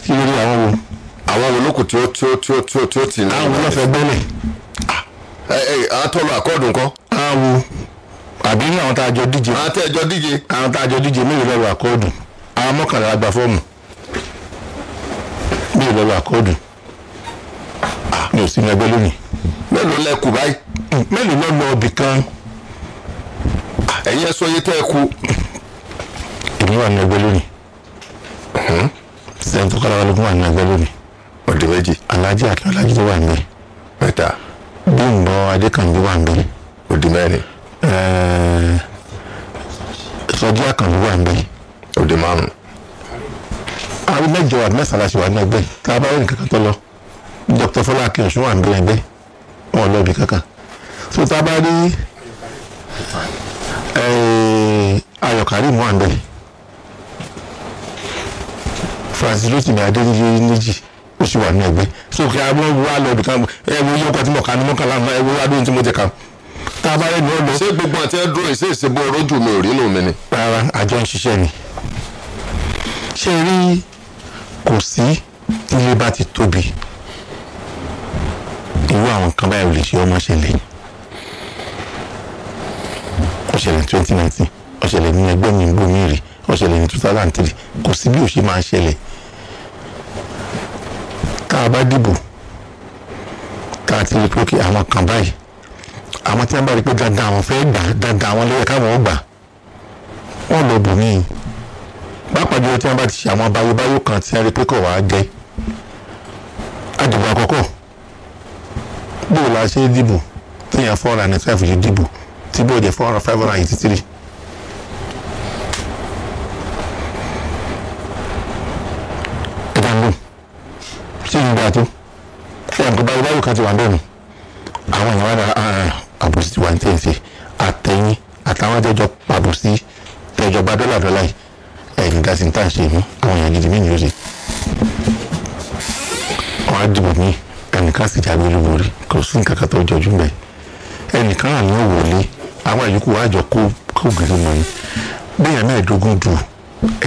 kí ló ní àwọn wo. àwọn wo lókùn tí ó tí ó tí ó tí ó tí ó ti ní. àwọn olófẹ́ gbẹ́lẹ̀. Ah, ẹ ẹ àtọ́lù àkọọ́dù nǹkan. àwo àbí ní àwọn tá a jọ díje. àwọn tá a jọ díje. àwọn tá a jọ díje mélòó lọ́wọ́ àkọọ́dù àwọn mọ́kànlá la gba fọ́ọ̀mù mélòó lọ́wọ́ àkọọ́dù ah, mi ò sí ní ẹgbẹ́ lónìí. mélòó lẹ kù báyìí. Hmm, mélòó lọ́ọ́ lọ ibì kan ẹ̀yin ẹ sọ iye tẹ́ ẹ kú. èmi wà ní ẹgbẹ́ lónìí. sẹ́yìn tó kára balógun wà ní ẹgbẹ́ lónìí. ọ̀dẹ méjì. alájí àti alájí tó wà níbẹ̀. mẹ́ta. bímbọ adékànjú wà níbẹ̀. ọ̀dẹ mẹ́rin. sọjí àkànjú wà níbẹ̀. ọ̀dẹ márùn. àwọn mẹ́jọ àti mẹ́sàlá ṣe wà ní ẹgbẹ́ tá a bá rìn kankan tó lọ dókítà fọlá akínṣun wà níbẹ̀ ẹgbẹ́ wọn lọ ibì kankan tó tá a bá rí. Eh, ayọ̀ karim wà nbẹ francis lótìmí adéníyé méjì ó sì wà ní ẹgbẹ́ so kí abọ́ wà lọ bìkan ẹ wo yọkọ tí mo kà ní mọ́kànlá ẹ wo adóhun tí mo jẹ kà tá a bá rẹ̀ ní ọ̀dọ́. ṣé gbogbo àti ẹ̀dùn ìṣe ìṣèbọ̀ rojú mi ò rí nù mí ni. rárá àjọ ń ṣiṣẹ́ ni ṣé rí kò sí ilé bá ti tóbi irú àwọn kan báyìí ò lè ṣe ọmọ ṣẹlẹ̀ yìí ó ṣẹlẹ̀ ní twenty nineteen ó ṣẹlẹ̀ ní ẹgbẹ́ mi ń bomi rì ó ṣẹlẹ̀ ní two thousand and three kò sí bí ó ṣe máa ń ṣẹlẹ̀ tá a bá dìbò tá a ti lè pé àwọn kan báyìí àwọn tí wọ́n bá rí pé dandan àwọn fẹ́ gbà dandan àwọn lóye káwọn ó gbà wọ́n lọ bò míì pàápàá tí wọ́n bá ti ṣe àwọn báyébáyé kan tí wọ́n rí pé kò wá jẹ́ àdìbò àkọ́kọ́ bó o la ṣe dìbò téèyàn fọ́ra ní sáfì ṣe dìbò tí bóde four hundred five hundred eighty three. tí ìlú bá tó ṣé nǹkan báyìí báyìí kan ti wà ń bẹ̀ mí àwọn èèyàn wà ní ah, ah, àbòsí ti wà ní tẹ̀sí àtẹ̀yìn àtàwọn àjọjọ àbòsí tẹ̀jọba dọ́là dọ́là yìí ẹ̀yìn dá sí ní tá à ń mú àwọn èèyàn gidi mí ni ó ṣe wàá dìbò ní ẹnìkan sì jáde lórí kò sí nǹkan kan tó jọjú mbẹ ẹnìkan àní ò wọlé àwọn àyíkú àjọ kó kó gírí mọ ni bẹ́ẹ̀ mẹ́ẹ̀ẹ́dógún dù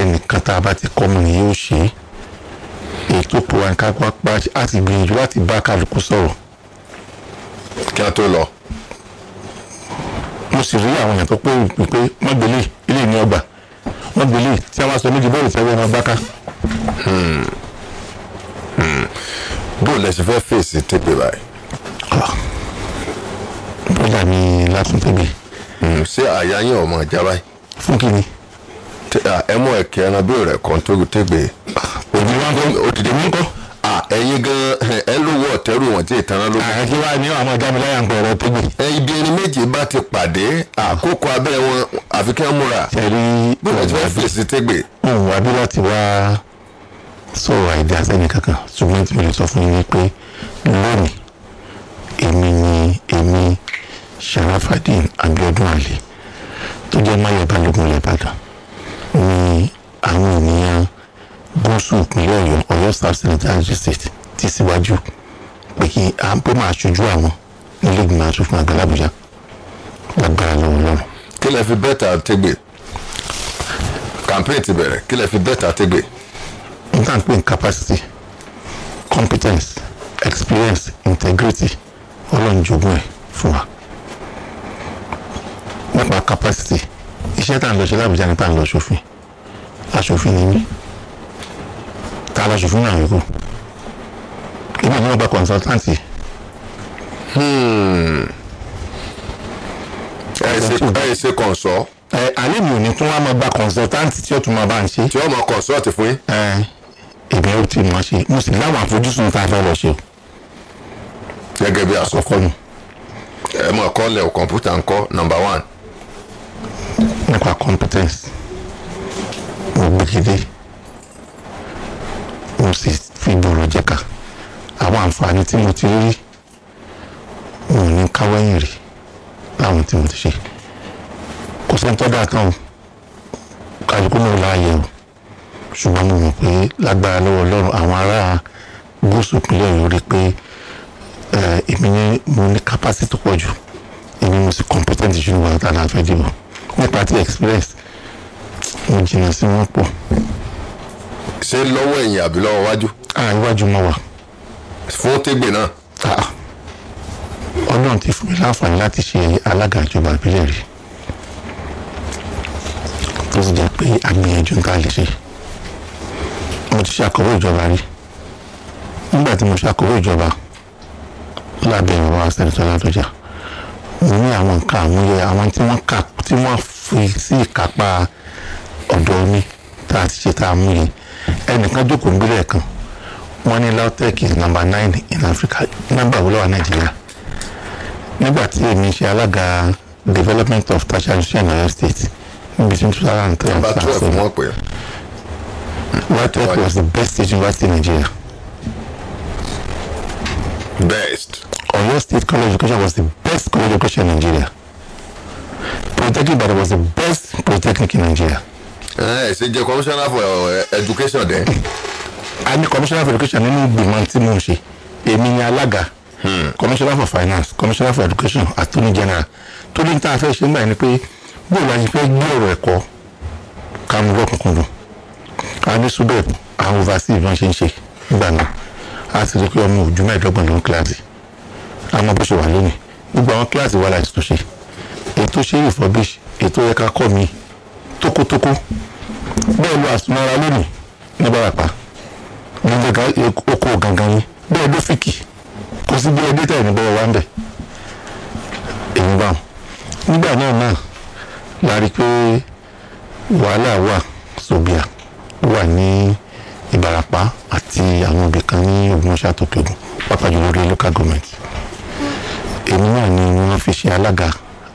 ẹnìkan tá a bá ti kọ́ mọ ni yóò ṣe é ètò tó wà ní kápá pa á ti gbìyànjú láti bá kálukú sọ̀rọ̀. kí a tó lọ. mo sì rí àwọn èèyàn tó pé pé wọ́n gbélé ilé ní ọgbà wọ́n gbélé tí a máa sọ méjì bọ́ọ̀lù tẹ́wọ́ máa bá ká. Hmm. Hmm. bóòlù ẹ̀ ṣe fẹ́ fèsì tẹ́gbẹ̀ báyìí. bọ́dà mi látúntẹ́gbẹ̀ẹ́. ṣé mm, àyà yín ọmọ ìjà báyìí. fún kí ni. ẹ mọ ẹkẹ ẹran kan tó tẹgbẹ. òdìdí mú kọ. ẹyin gan ẹ lówó ọtẹrù wọn tí ìtara ló. àkàkí wa ọrụ àwọn ọjà ń ibi ẹni méje bá ti pàdé àkókò abẹ wọn àfi kí múra. tí fèsì wá àìdí kankan sharafadin abiodun ali tó jẹ́ mayor balógun ìbàdàn ni àwọn ènìyàn gúúsù ìpínlẹ̀ ọ̀yọ́ ọ̀yọ́ south central district ti síwájú pé kí a bó máa ṣojú àwọn nílé ìgbìmọ̀ asòfin àgbà làbújá lágbára lọ́wọ́ lọ́rùn. kí lẹ fi bẹ́ẹ̀ ta àtẹ́gbè campaign ti bẹ̀rẹ̀ kí lẹ fi bẹ́ẹ̀ ta àtẹ́gbè. nǹkan pé capacity competence experience integrity ọlọ́run jogún ẹ̀ fún wa nípa capacity iṣẹ́ tá à ń lọ ṣe lábújá nípa à ń lọ ṣòfin aṣòfin ni mí ta lọ ṣòfin náà yòókù ibi ìmọ̀ ọba consultant. Hmm. ẹ ṣe kọ̀ǹsọ́. ẹ alẹ́ mi ò ní tún wá máa gba consultant tí ó tún máa bá ń ṣe. tí ó máa consult fún yín. ìbẹ̀ ó ti máa ṣe mo sì láwọn àfojúsùn tá a fẹ́ lọ ṣe o. gẹ́gẹ́ bí aṣọ kọ́ ni. ẹ mọ̀ kọ́lẹ̀ kọ̀ǹpútà ń kọ́ number one nípa competence mo gbèkìdé mo sì fi bọ̀rọ̀ jẹ́ka àwọn àǹfààní tí mo ti rí mo ní káwẹ́yìn rí láwọn tí mo ti ṣe kò sóhun tó dáa tán kálukú náà láàyè o ṣùgbọ́n mo mọ̀ pé lágbára lọ́wọ́ ọlọ́run àwọn ará gúúsù pínlẹ̀ lórí pé eh, èmi ni mo ní capacity pọ̀ jù èmi mo sì competent jù nígbà tá a náà fẹ́ dìbò nípa ti express ìjìnà sí wọn pọ̀. ṣé lọ́wọ́ ẹ̀yìn àbí lọ́wọ́ iwájú. à iwájú mọ́ wa. fún tégbè náà. ọlọ́run ti fún mi láǹfààní láti ṣe alága ìjọba ìbílẹ̀ rí tó sì jẹ́ pé agbìyànjú ń ta lè ṣe mo ti ṣàkọwé ìjọba rí nígbà tí mo ṣàkọwé ìjọba lábẹ́ ìwọ àṣẹ ìtọ́lá tó jà ní àwọn nǹkan àmúyẹ àwọn tí wọ́n kà tí wọ́n fi sí ìkápá ọ̀dọ́ mi tá a ti ṣe tá a mú yìí ẹnìkan jókòó ń gbélé ẹ̀kan wọ́n ní LAUTECH is number nine in Africa nọ́mbà wo ló wà Nàìjíríà nígbà tí èmi ṣe alága development of tertiary education in Oyo State níbi tí two thousand and three and two thousand and four LAUTECH was the best university in Nigeria. best. Oyo State College Education was the best college education in Nigeria. Polytechnic Ibadan was the best polytechnic in Nigeria. Ẹ ṣe jẹ commissioner for eh, education dẹ. A ní commissioner for education nínú ìgbìmọ̀ tí mò ń ṣe. Èmi ni alága. Hmm. Commissioner for finance, commissioner for education, attorney general. Tó ní tá a fẹ́ ṣe ń báyìí ni pé bóòlù a ti fẹ́ gbé ọ̀rọ̀ ẹ̀kọ́ ká lọ́kùnkùn dùn. A ní SUBEP, àwọn overseas bí wọ́n ṣe ń ṣe gbà náà. A sì rí i pé ọmọ òjú mẹ́ẹ̀ẹ́dọ́gbọ̀n ló ń kíláàsì àmọ́ bó ṣe wà lónìí gbogbo àwọn kíláàsì wa láti tó ṣe ètò ṣe refurbish ètò yẹ ká kọ́ mi tókótókó bẹ́ẹ̀ lo àsùnmọ́ra lónìí ní barapa ní oko gangan yín bẹ́ẹ̀ ló fìkì kò sí bí ẹdí tẹ̀ ní bọ́ọ̀ wá ń bẹ̀ èyí bá wọn nígbà náà náà la rí i pé wàhálà wà sóbìà wà ní ìbarapá àti àwọn ibì ní Ògbómọ̀ṣọ́ àtòkè Ògùn pàápàá jùlọ lórí local government èmi náà ni wọ́n fi ṣe alága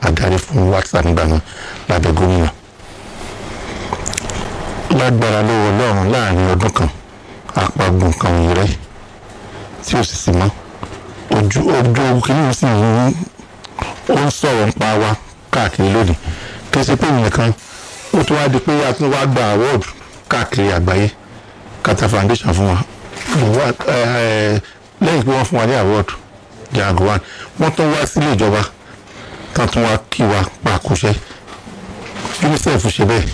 adarí fún whatsapp nígbà náà lábẹ́ gómìnà lágbára lọ́wọ́ ọlọ́run láàrin ọdún kan àpagbọ̀n kan yìí rẹ́ tí ó sì sí mọ́ ojú ojú kìnìún sì ń ó ń sọ̀rọ̀ ń pa wa káàkiri lónìí kí n ṣe pé ìyẹn kan ó tún wá di pé a tún wá gba award káàkiri àgbáyé kata foundation fún wa lẹ́yìn pé wọ́n fún wa ní award jagoan wọ́n tún wá sílé ìjọba tán tún wá kí wa pa àkóṣe unicef ṣe bẹ́ẹ̀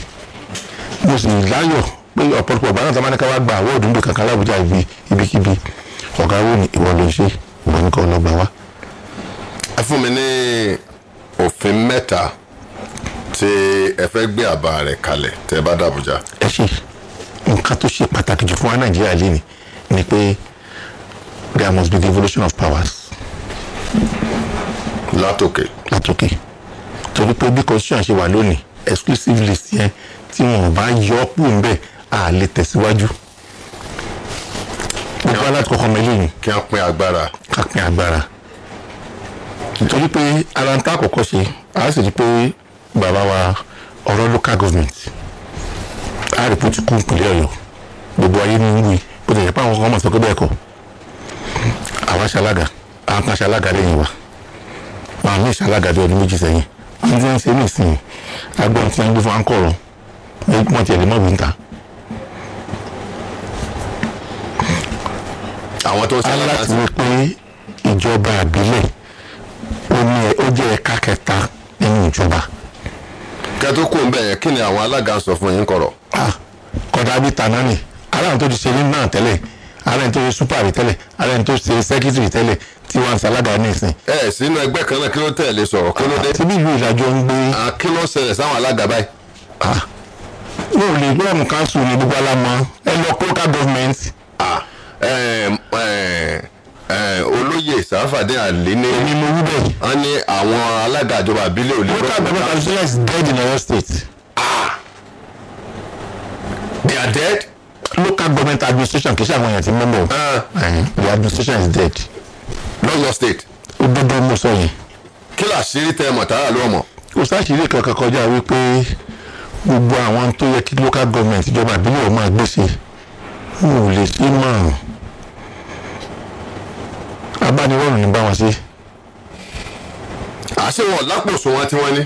mo sì láyọ̀ pé ọ̀pọ̀lọpọ̀ ọ̀gbà náà tá a máa ní ká wá gba àwọ̀dù níbi kankan lábújá ibi ibikíbi ọ̀gá wo ni ìwọ ló ń ṣe ìwọ ní kò lọ gbà wá. ẹ fún mi ní òfin mẹ́ta tí ẹ fẹ́ gbé àbá rẹ̀ kalẹ̀ tẹ́ ẹ bá dàbújá. ẹ ṣe nǹkan tó ṣe pàtàkì jù fún wa nàìjíríà lé ni ni pé there must be devolution of powers látòkè. látòkè torí pé bí constitution ṣe wà lónìí exclusive list yẹn tí wọn bá yọ pò ń bẹ a lè tẹ̀síwájú. gbogbo aláàtú kọkàn mẹ́lẹ̀ yìí. kí a pín agbára. ká pín agbára. nítorí pé ara ń tá àkọ́kọ́ ṣe a sì rí pé bàbá wa ọ̀rọ̀ local government a rí pé ó ti kú ìpínlẹ̀ ọ̀yọ́ gbogbo ayé ní wí bó ti pé àwọn kan sọ pé bẹ́ẹ̀ kọ́ àwa ṣalága àwọn kan ṣalágàdé yìí wá àwọn míì ṣalágàdé ọdún méjì sẹ́yìn wọ́n ti ń ṣe nísìnyí agbọ́n tí wọ́n gbé fún wọ́n ti ẹ̀lẹ́mọ̀ bí ń ta. àwọn tó ṣe alága sí. aláti pé ìjọba àbílẹ̀ ó ní ó jẹ́ ẹ̀ka kẹta nínú ìjọba. kẹtó kò ń bẹ̀yẹn kí ni àwọn alága sọ fún ààrẹ tó ṣe super rí tẹ́lẹ̀ ààrẹ tó ṣe secretary tẹ́lẹ̀ tí wọ́n ń ṣalága nísìn. ẹ sínú ẹgbẹ́ kan náà kí ló tẹ̀lé sọ̀rọ̀ kí ló dé. àti bí ìlú ìlàjọ ń gbé. kí ló ṣẹlẹ̀ sáwọn alága báyìí. yóò lè lọ́ọ̀mù council ní gbogbo alamọ ẹ lọ local government. olóyè sàfàdé àlè ní. èmi mo wú bẹ́ẹ̀. wọ́n ní àwọn alága ìjọba àbílẹ̀ ò lè. local government council is dead in Oyo state. they are dead local government administration kì í ṣe àwọn èèyàn ti mú bọ̀ the administration is dead. lọ́yọ̀ state. òdodo mo sọ yìí. kí làṣírí tẹ mọ̀tàrà ló mọ̀. kò sáṣírí kankan kọjá wípé gbogbo àwọn tó yẹ kí local government ìjọba àbílẹ̀ ò máa gbèsè wọn ò lè sí márùn. abánirọ̀rùn ni bá wọn ṣe. àṣewọ̀n lápò sùn wọn tí wọ́n ní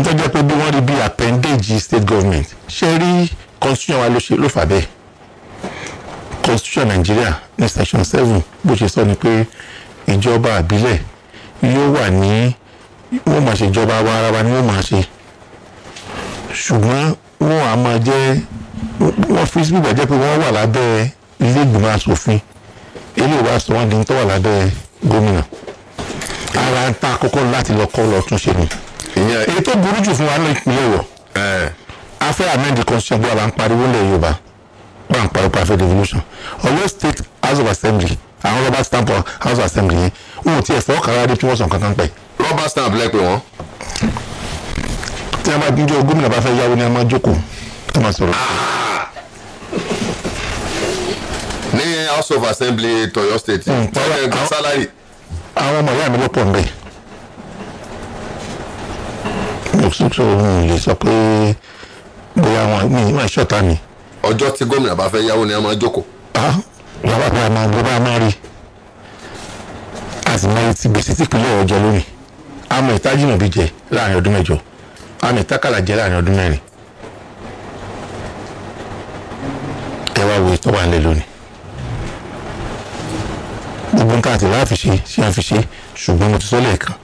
ẹni tó jẹ́ pé bí wọ́n rí bí appendage state government ṣe rí constitution wa ló ṣe ló fà bẹ́ẹ̀ constitution Nigeria ní section seven bó ṣe sọ ni pé ìjọba àbílẹ̀ yóò wà ní wọ́n máa ṣe ìjọba wa ara wa ni wọ́n máa ṣe ṣùgbọ́n wọ́n á máa jẹ́ wọ́n fi sí ìgbà jẹ́ pé wọ́n wà lábẹ́ ilé ìgbìmọ̀ asòfin eléyìí wá sọ wọ́n di tó wà lábẹ́ gómìnà ara ń ta kókó láti lọ kọ́ lọ túnṣe ni èyí tó burú jù fún wa ní ìpínlẹ̀ wọ̀ afẹ́ amend the constitution bí a bá ń pariwo lẹ̀ yorùbá bá ń pariwo pàfẹ́ revolution ọ̀yọ́ state house of assembly àwọn rubber stamp house of assembly yẹn wọn ò tiẹ̀ fọ́ kàrá rí kí wọ́n sàn kankan pẹ̀. rubber stamp lẹ́pẹ̀ wọ́n. tí a máa díjọ gómìnà bá fẹ́ yáwó ni a máa jókòó tó máa sọ̀rọ̀. ní house of assembly tọ̀yọ́ state hmm, tọ́jú salary. àwọn ọmọ ìyá mi ló pọ̀ nbẹ̀ so n lè sọ pé bóyá wọn mi ìmọ̀ ìṣọ̀tà mi. ọjọ́ tí gómìnà bá fẹ́ yáwó ni a máa jókòó. Ah, bàbá bá máa bó bá máa rí a sì máa ti gbèsè tí ìpínlẹ̀ ọjọ́ lónìí àmọ̀ ìta jìnnà bí jẹ láàrin ọdún mẹ́jọ àmọ̀ ìta kàlà jẹ láàrin ọdún mẹ́rin. ẹ wá wo ìtọ́wà ńlẹ̀ lónìí gbogbo nǹkan àti láàfin ṣe ṣé à ń fi ṣe ṣùgbọ́n mo ti sọ lẹ́ẹ̀kan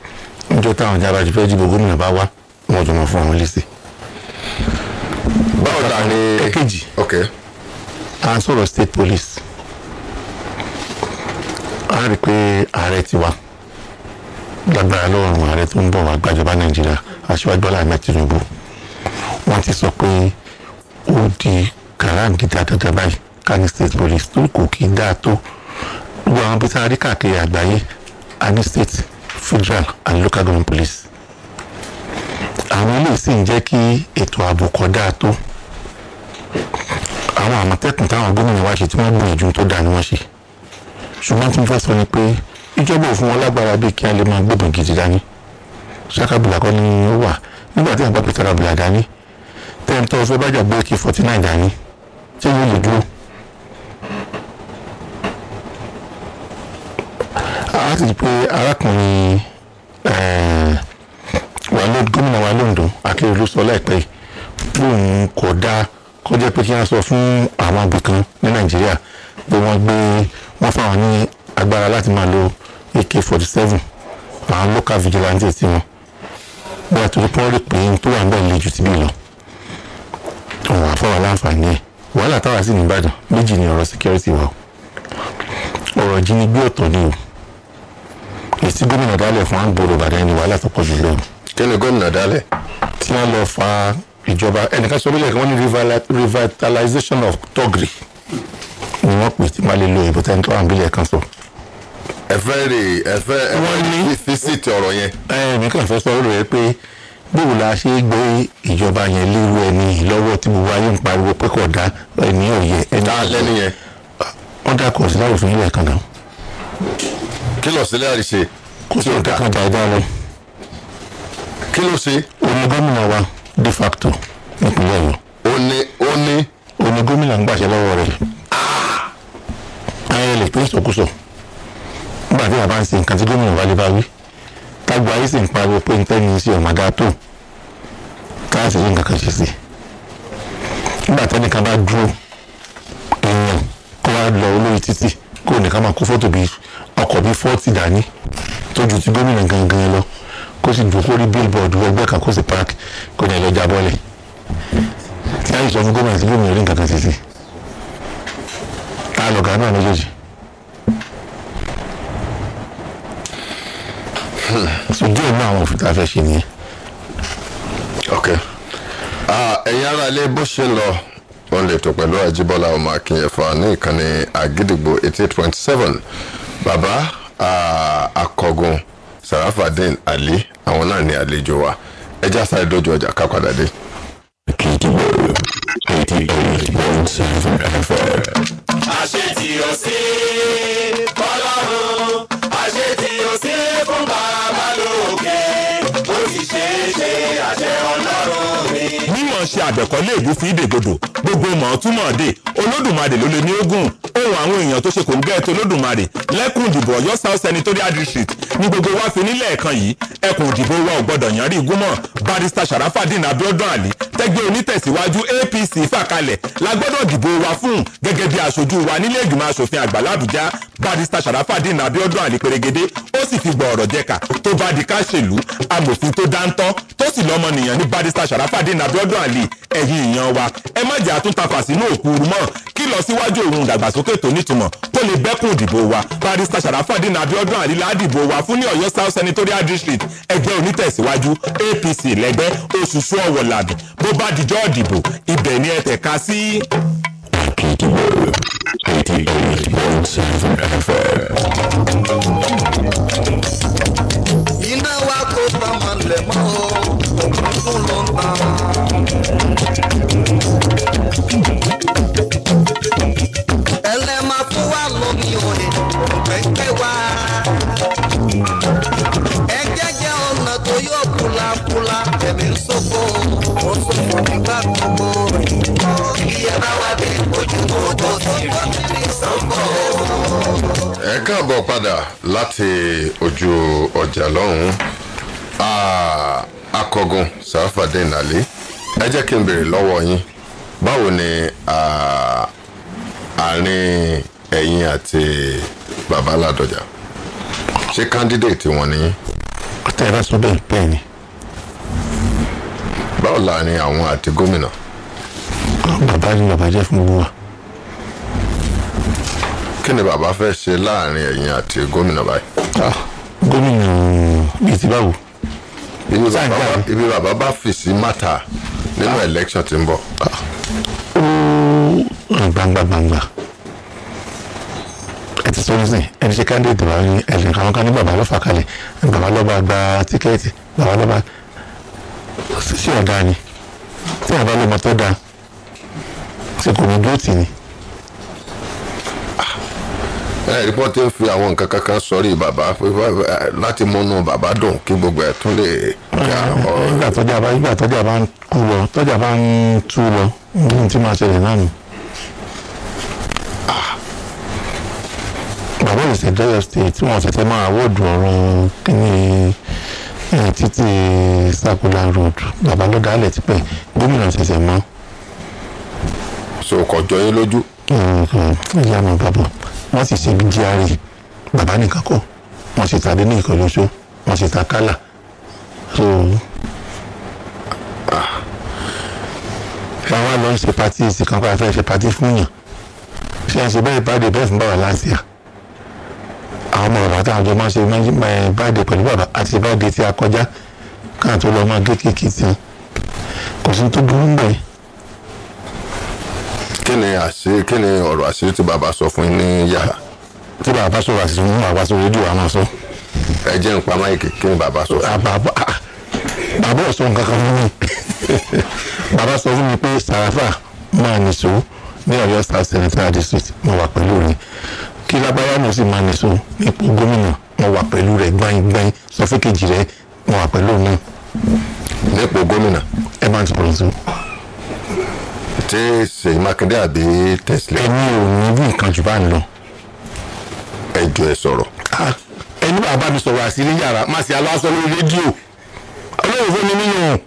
níjọ́ táwọn ìjàmbá ti fẹ́ dìbò gómìnà bá wá wọn jọ máa fún àwọn lẹ́sẹ̀. báwo la ni ẹ̀kejì à ń sọ̀rọ̀ state police a rí i pé ààrẹ ti wá lágbára lọ́rùn ààrẹ tó ń bọ̀ wá gbàjọba nàìjíríà aṣíwájú bọ́lá ahmed tinubu wọ́n ti sọ pé ó di kàràǹgídá dandan báyìí kánì state police tó kò kí ń dáa tó gbogbo àwọn bí sáré káàkiri àgbáyé ani state federal and local government police àwọn eléyìí sì ń jẹ́ kí ètò ààbò kọ́ dáa tó àwọn àmọ̀tẹ́kùn táwọn gómìnà wa ṣe tí wọ́n gbìyànjú tó dáa ni wọ́n ṣe ṣùgbọ́n tí mo fẹ́ sọ ni pé ìjọba òfin wọn lágbára bíi kí a lè máa gbógun gidi dání ṣàkàbùlà kọ́ ni ó wà nígbà tí àgbà pété àbùlà dání tẹ́ńtọ́ fẹ́ bá jàgbé kí forty nine dání tí wọ́n lè dúró. a ti di pé arákùnrin eh, wàhálà gómìnà wa lóńdó akérèdọ́lù sọ láìpẹ́ lóun kò dáa kọjá pé kí wọ́n sọ fún àwọn àgbẹ̀ kan ní nàìjíríà pé wọ́n gbé wọ́n fáwọn ní agbára láti máa lo ak forty seven àwọn local vigilante sí wọn bí a torí pọ́ọ́rì pé n tó wà ń bẹ̀ lè jù síbí lọ ọ̀hún àfọwọ́ láǹfààní ẹ̀ wàhálà táwa sì ní méjì ni ọ̀rọ̀ security wa ọ̀rọ̀ jínigbé ọ̀tọ̀ ni o èsì gómìnà dálẹ̀ fún àgbòrò ìbàdàn ni wàhálà tó pọ̀ jù tẹ́lẹ̀ gómìnà dálẹ̀ tí wọ́n lọ fa ìjọba ẹnìkan sọ lóye wọ́n ní revitalization of togri ni wọ́n pè tí wọ́n lè lo ìbò tẹ́ni tó wà níbílẹ̀ kan sọ. ẹ fẹ́ rè ẹ fẹ́ ẹ fẹ́ fisiti ọ̀rọ̀ yẹn. ẹ mi kàn fẹ́ sọ ọ́ rẹ̀ pé bóò la ṣe gbé ìjọba yẹn léwu ẹni lọ́wọ́ tí gbogbo ayé ń pariwo pé kò dá ẹni ọ̀yẹ́ ẹni ọ̀yẹ́ wọ́n dà kọ̀ sí láwùjọ yẹn kan náà. kí lọ sílẹ̀ àríṣe. kò sí ọ̀dà kan dáadáa lọ kí ló ṣe òun gómìnà wa de facto ìpínlẹ̀ Ọ̀yọ́. ó ní ó ní. òun gómìnà ń gbàṣẹ lọ́wọ́ rẹ̀. ayẹyẹ lè tó ìsọkúsọ nígbà tí bàbá ń ṣe nǹkan tí gómìnà bá lè bá wí tágbó ayé sì ń pariwo pé ntẹ́ni sí ọ̀mà dáa tó tá a sì yí nǹkan kan ṣe sí i nígbà tẹ́nìkan bá dúró èèyàn kó wá lọ olórí títì kó nìkan máa kó fọ́tò bíi ọkọ̀ bíi fọ́ọ̀tì dání tó ti gómìnà gangan lọ kó sì dùn kó rí billboard wọgbẹ́ kan kó sì park kó ní ẹlọ́jà bọ́ọ̀lì tí a yìí sọ fún gómìnà tí gómìnà rí nǹkan títí tá a lọ̀gá náà lójoojú. so díẹ̀ náà àwọn òfin tá a fẹ́ ṣe nìyẹn. ok ẹ̀yin ará ilé bó ṣe lọ ó lè tó pẹ̀lú àjíbọ́lá ọmọ akínyẹ̀fọ́ ní ìkànnì àgídìgbò eighty eight point seven bàbá akọgun. Uh, sarafadin ali àwọn náà ní àlejò wa ẹja sáré dójú ọjà ká dé. eighty eight point seven fm. àṣetì ọ̀sẹ̀. ṣe àbẹ̀kọ́lé ìlú fi ìdègodò gbogbo mọ̀ túmọ̀ dé olódùmarè ló lè ní ogún ohun àwọn èèyàn tó ṣe kò ń gẹ́ olódùmarè lẹ́kùn ìdìbò ọ̀yọ́ south senatorial district ní gbogbo wa fi nílẹ̀ ẹ̀kan yìí ẹkùn ìdìbò wa ò gbọ́dọ̀ yan rí igúnmọ̀ barrister sharafadin abiodun ali tẹ́gbẹ́ onítẹ̀síwájú apc fàkalẹ̀ la gbọ́dọ̀ dìbò wa fún gẹ́gẹ́ bí aṣojú wa nílé ìgbìmọ̀ asòfin àgbà làbújá barrister sharafadin abiodun ali pèrègede ó sì fi gbọ́ ọ̀rọ̀ jẹ́ka tó bá di ká ṣèlú amòfin tó dáńtọ́ tó lọ́mọnìyàn ní barista sharafadin abiodun ali ẹ̀yin ìyàn wa ẹ má jẹ́ àtúntàfà sínú òkúru mọ́ kí lọ síwájú òun ìdàgbàsókè tó nítumọ̀ kó lè bẹ́kùn ìdìbò wa barista sharafadin abiodun ali la dìbò wa fún ní ọ̀yọ́ south senatorial district ẹgbẹ́ onítẹ̀síwájú apc lẹ́gbẹ́ oṣooṣù ọ̀wọ̀làbí bó bá dijọ́ ìdìbò ibẹ̀ ni ẹ tẹ̀ka sí. iná wa kò bá wọn lẹ̀ mọ́ tout le monde mama. Elle est láti ojú ọjà lọ́hùn ah, akọgun sàfàdín nàlẹ́ ẹ jẹ́ kí n béèrè lọ́wọ́ yín báwo ni àárín ẹ̀yin àti bàbá Ládọjà ṣé candidate wọn ni. kọ́tà ẹ bá sọ bẹ́ẹ̀ bẹ́ẹ̀ ni. báwo láàrin àwọn àti gómìnà. bàbá ni bàbá jẹ́ fún wa. kí ni bàbá fẹ́ ṣe láàrin ẹ̀yin àti gómìnà báyìí. Ah, gómìnà bíi ti báwo ibi bàbá bá fèsì mátà nínú ah. election tí ń bọ̀. ó gbangba gbangba ẹ ti sọ́yún sìn ẹni ṣe candidate wa ní ẹ̀lẹ́ àwọn kan ní bàbá ló fà kalẹ̀ bàbá ló bá gba tíkẹ́ẹ̀tì baba ló bá ṣíṣe ọ̀dà ni tí bàbá ló mọ tó dáa ṣe kò ní dúró tì ní ẹ bọ́ ti ń fi àwọn nǹkan kankan sọrí bàbá láti múnú bàbá dùn kí gbogbo ẹ̀ tún lè já ọ. nígbà tọ́jà bá nígbà tọ́jà bá ń kú lọ tọ́jà bá ń tú lọ ní ti máa ṣẹlẹ̀ náà nù. bàbá ìṣẹ̀ dọ́yọ̀ state tí wọ́n ṣẹ̀ṣẹ̀ máa wọ́ọ̀dù ọ̀run kíní títí sakula road bàbá lọ́dà alẹ̀ ti pẹ́ gómìnà ṣẹ̀ṣẹ̀ mọ́. so kọjọ yín lójú. ẹ ẹ ẹ mi bàbá wọ́n sì ṣe bídíà rè bàbá nìkan kọ́ wọ́n sì ta dé ní ìkọlọ́sọ wọ́n sì ta kálà so ẹ wá lọ ń ṣe patí ìsìnkan pa fẹ́ ṣe patí fún yàn ṣé ẹ ṣe bẹ́ẹ̀ báde bẹ́ẹ̀ fún bàbá láti à àwọn ọmọ bàbá táwọn jọ máa ṣe báde pẹ̀lú bàbá àti báde tí a kọjá káà tó lọ máa gé kéèké tí kò sí tó burú bẹ́ẹ̀ kí ni àṣírí kí ni ọ̀rọ̀ àṣírí tí bàbá sọ fún yín ní yàrá. tí bàbá sọ̀rọ̀ àṣírí fún bàbá sọ rédíò wa máa sọ. ẹ jẹ́ ń pa máìkì kí ni bàbá sọ. Ah, ah, bàbá ò sọ nǹkan kan fún mi bàbá sọ fún mi pé sàràfà máa nìṣó ní Ọ̀yọ́ south central district mo wà pẹ̀lú rẹ̀ kí lágbára mo sì máa nìṣó nípò gómìnà mo wà pẹ̀lú rẹ̀ gbáyìngbáyìn sọ fún kejì rẹ̀ mo wà pẹ̀lú náà. nípò gómìnà. ẹ máa ń sọ̀rọ̀ sí tí ṣèyí mákindé àbí tẹ̀sílẹ̀. ẹni ò ní bí nǹkan jù bá ń lọ. ẹ jọ ẹ sọ̀rọ̀. ẹni bàbá mi sọ̀rọ̀ àṣírí yàrá má ṣe aláṣọ lórí rédíò ọlọ́run fún mi nínú.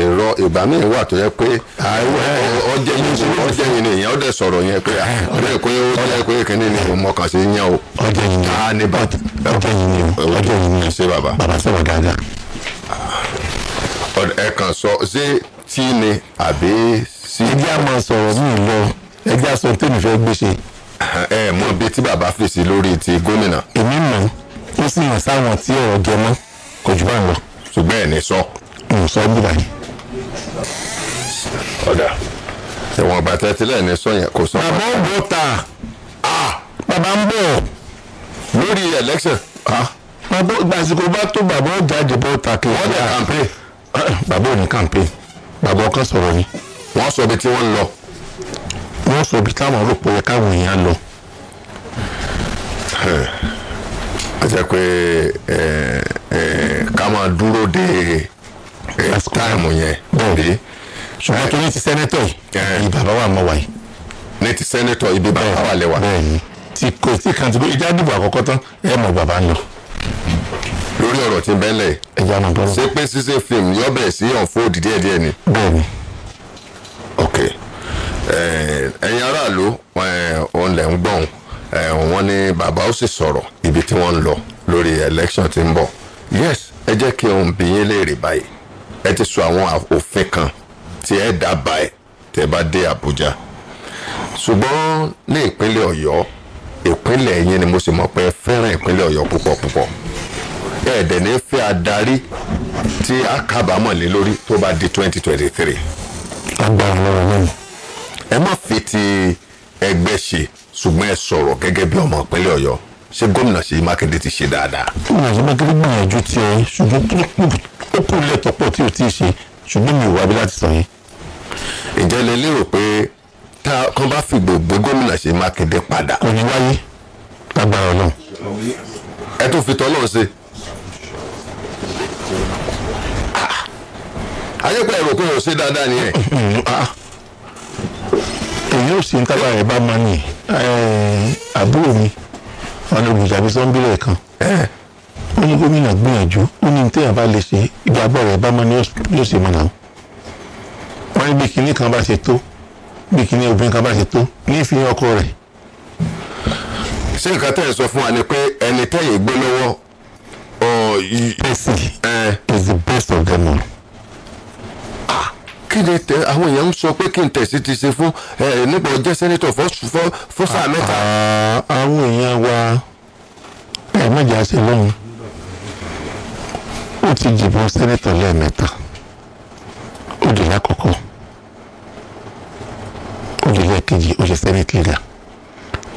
èrò ìgbà wà tó yẹ pé ọjẹ́ yìí ọjẹ́ yìí nìyẹn ọdẹ sọ̀rọ̀ yẹn pé ọdẹ pé o. ọjẹ́ yìí ni ọjẹ́ yìí ni ọjẹ́ yìí ni ṣé bàbá. bàbá sọ̀rọ̀ dáadáa. ẹ kàn sọ ṣé tí ni sí. ẹgbẹ́ àmọ́ sọ̀rọ̀ mi lọ ẹgbẹ́ aṣọ tèmi fẹ́ gbéṣe. ẹ mọ bí tí bàbá fèsì lórí ti gómìnà. èmi mọ̀ ó sì mọ̀ sáwọn tí ọ̀rọ̀ jẹ mọ́ kò jù bá ń lọ. ṣùgbọ́n ẹ̀ ní sọ. n sọ bí báyìí. ọ̀dà ẹ̀wọ̀n bàtà tilẹ̀ ní sọ yẹn kò sọ. bàbá ń bọ̀ ta bàbá ń bọ̀ lórí election. bàbá gbàsíkò bá tó bàbá ọjà àjẹbọ̀ ta kì í. bàbá ò ní campaign bàbá ọkàn sọ̀rọ̀ ni. wọ́n sọ ibi tí wọ́n lọ wọ́n sọ ibi táwọn rò ya káwọn èèyàn lọ. a jẹ́ pé ká máa dúró de táìmù yẹn bẹ́ẹ̀ ṣùgbọ́n torí ti sẹ́nẹ́tọ̀ yìí bàbá wa mọ̀ wáyé. ní ti sẹ́nẹ́tọ̀ ibi bàbá wa lẹ́wà. bẹ́ẹ̀ni tí kò tí kan ti bó ìjà dìbò àkọ́kọ́ tán ẹ mọ̀ bàbá ń lọ. lórí ọ̀rọ̀ tí ń bẹ́ẹ̀ lẹ̀ ṣé pé ṣíṣe fíìmù yọ bẹ̀rẹ̀ sí unfold díẹ̀díẹ̀ ni. bẹ́ẹ̀ni ok eh, ẹ̀yin aráàlú eh, òun lẹ̀ ń gbọ̀n eh, wọ́n ní bàbá ó sì sọ̀rọ̀ ibi tí wọ́n ń lọ lórí election tí ń bọ̀ yes ẹ jẹ́ kí òun bí yín léèrè báyìí ẹ ti sọ àwọn òfin kan tí ẹ dábàá ẹ tẹ́ bá dé Àbújá ṣùgbọ́n ní ìpínlẹ̀ Ọ̀yọ́ ìpínlẹ̀ yín ni mo sì mọ̀ pé ẹ fẹ́ràn ìpínlẹ̀ Ọ̀yọ́ púpọ̀ púpọ̀ ẹ̀ẹ́dẹ̀ ní fẹ́ adarí tí a kábàámọ̀ lé lórí tó bá di twenty twenty three agbára lọ́wọ́ lẹ́yìn. ẹ má fi ti ẹgbẹ́ ṣe ṣùgbọ́n ẹ sọ̀rọ̀ gẹ́gẹ́ bí ọmọ ìpínlẹ̀ ọ̀yọ́ ṣé gómìnà ṣèyí mákindé ti ṣe dáadáa. gómìnà ṣèyí mákindé gbìyànjú tiẹ̀ ṣùgbọ́n ó kù lẹ́tọ̀ pọ̀ tí ò tí ì ṣe ṣùgbọ́n mi ò wá bí láti sọ yẹn. ìjẹ́ lè lérò pé tá a kàn bá fi gbogbo gómìnà ṣèyí mákindé padà. kò ní wáyé lágbára ọlọ́run. ẹ tún fi tọ́lọ́run ṣe ayépẹ́ ẹ̀rọ pé o ṣe dáadáa ni ẹ̀. Mm-hmm. Ah. èyí ò sí nǹkan báyìí bá máa nì àbúrò mi wọn ni olùjàbí sọ́ńbílẹ̀ kan ó ní gómìnà gbìyànjú ó ní téèyàn bá lè ṣe ìgbàgbọ́ rẹ̀ bá máa ní yóò ṣe mọ̀nà wọn ní bí kinní kan bá ṣe tó bí kinní obìnrin kan bá ṣe tó ní ìfihàn ọkọ rẹ̀ ṣé nǹkan tẹ̀ sọ fún wa ni pé ẹni tẹ̀yìn gbé lọ́wọ́. Messi is the best of them all kí ni tẹ àwọn èèyàn ń sọ pé kí n tẹ̀sí ti ṣe fún ẹ nígbà ọjọ́ sẹ́nitọ̀ fọ́sà mẹ́ta. àwọn èèyàn wa ẹ mọ̀jà ṣe lóhun ó ti dìbò sẹ́nitọ̀ lẹ́ẹ̀mẹ́ta ó dì lákọ̀ọ́kọ́ ó dì lẹ́ẹ̀kejì ó ṣe sẹ́nitì rà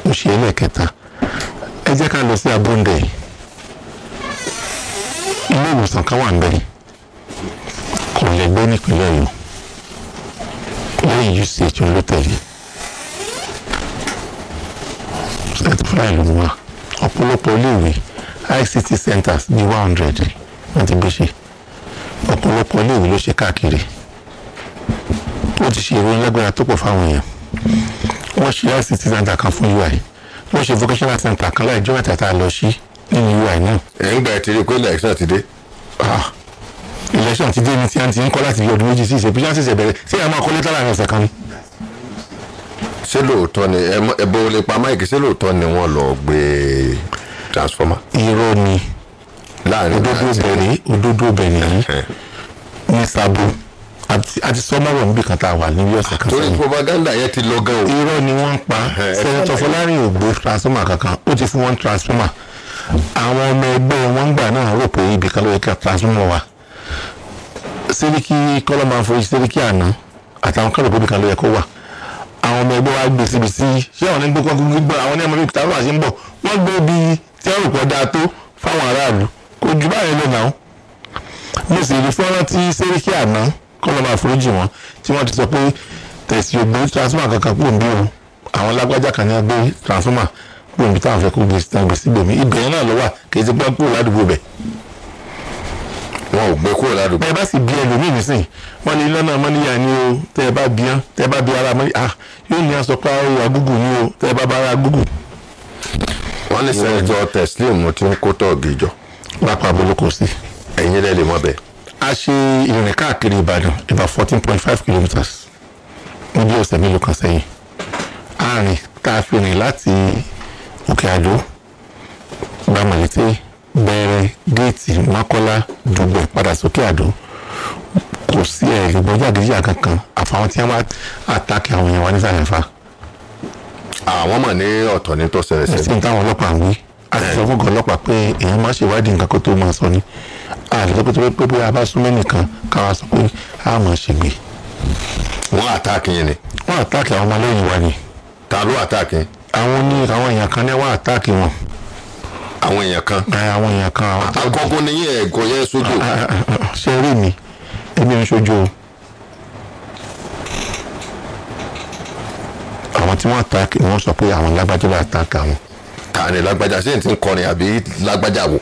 ó ṣe lẹ́ẹ̀kẹta ẹ jẹ́ ká lọ sí abúndẹ̀ ilé ìwòsàn kan wà ń bẹ̀ kò lẹ́gbẹ́ nípínlẹ̀ ọ̀yọ́ way usage wọn ló tẹ̀lé certified ló wà ọ̀pọ̀lọpọ̀ iléèwé ICT centers bíi one hundred wọ́n ti gbé ṣe ọ̀pọ̀lọpọ̀ iléèwé ló ṣe káàkiri ó ti ṣe ìròyìn lágbára tó pọ̀ fáwọn èèyàn wọ́n ṣe ICT center kan fún UI wọ́n ṣe vocational center kan láì jọ́ mẹ́ta tá a lọ sí nínú UI náà. ẹ̀ ń gba ẹ̀ ti rí i pé ilẹ̀ ẹ̀ṣin àti dé. Ah election ti dé ní tí a ti ń kọ́ láti bí ọdún méjì sí ìṣèpín ṣáà ṣẹ̀ṣẹ̀ bẹ̀rẹ̀ ṣé ẹ̀ máa kọ́ lẹ́tà láàrin ọ̀sẹ̀ kan ni. ṣé lóòótọ́ ni ẹ̀bùn olè pa máìkì ṣé lóòótọ́ ni wọ́n lọ gbé transformer. irọ́ ni òdodo bẹ̀rẹ̀ òdodo bẹ̀rẹ̀ yìí ní sabo àti sọmọrọ níbi kan tá a wà níbi ọ̀sẹ̀ kan sẹ́yìn. torí propaganda yẹn ti lọ gan o. irọ́ ni wọ́n ń pa sẹ́yìn tọfọlárin ò transformer kankan ó ti fún wọn transformer àwọn ọmọ ẹgbẹ́ wọn gbà náà rò pé ibìkan ló yẹ ká transformer wà sẹ́ríkì kọ́lọ́mà forí sẹ́ríkì àná àtàwọn kálukú nìkan ló yẹ kó wà àwọn ọmọ ẹgbẹ́ wa gbé síbi sí ṣé àwọn onígbó kan gbogbo gbọ́ àwọn onímọ̀ bíi tàbí àṣẹ ń bọ̀ wọ́n gbé bí tí ẹrù pọ̀ dáa tó fáwọn aráàlú kò jù báyìí lọ náà mo sì rí fọ́nrán tí sẹ́ríkì àná kọ́lọ́mà foríjì wọn tí wọ́n ti sọ pé tẹ̀sí ògbó transformer kankan kúrò níbí o àwọn lágbájá kan ní agbé transformer kúrò wọn ò gbé kúrò ládùúgbò. bẹ́ẹ̀ bá sì bí ẹlòmíì nísìn wọ́n ní lọ́nà mọ́níyà ni o tẹ́ ẹ bá bí án tẹ́ ẹ bá bí ara mọ́níyà ah yóò ní aṣọ pa owó agúgù ni o tẹ́ ẹ bá bá ara agúgù. wọ́n ní sẹ́ńtọ̀ tẹ̀sílẹ̀mù tí ń kó tọ̀ọ̀gì jọ. lápá abúlé kò sí. ẹ̀yin lẹ́ lè mọ̀ bẹ́ẹ̀. a ṣe ìrìn káàkiri ìbàdàn about fourteen point five kilometres ní bí ọ̀sẹ̀ mélòó kan sẹ́yìn àárín tá a fi rìn láti òkè àdó gbàmọ̀létí bẹ̀rẹ̀ géètì mọ́kọ́lá dùgbẹ̀ padà sókè àdó kò sí ẹ̀rìnbọn jàgídíjà kankan àfàwọn tí wọ́n wá àtàkì àwọn èèyàn wa ní sàyẹ̀fà. àwọn mọ̀ ní ọ̀tọ̀ ní tó ṣẹlẹ̀ sẹ́yìn. ẹ̀sìn táwọn ọlọ́pàá ń wí a sì sọ fún ọgọ́ ọlọ́pàá pé èèyàn má ṣèwádìí nǹkan kó tó máa sọ ni àlùkòtò pé bóyá a bá súnmọ́ nìkan káwa sọ pé a mọ̀ ṣègbè. wọ́n àtàkì yẹn ni. wọ́n àtàkì àwọn ọmọlẹ́yìn wa ni. ta ló àtàkì. àwọn ní àwọn èèyàn kan ní wọ́n àtàkì wọn àwọn èèyàn kan. àwọn èèyàn kan. àkọ́kọ́ ni yín ẹ̀gọ́ yẹn sójú. Ah, ah, ah, ṣe rí mi èmi ò ń ṣojú o. àwọn tí wọ́n ta kí wọ́n sọ pé àwọn lágbájá bá ta kà wọ́n. kàní lágbájá sí ní ti ń kọrin àbí lágbájá wò.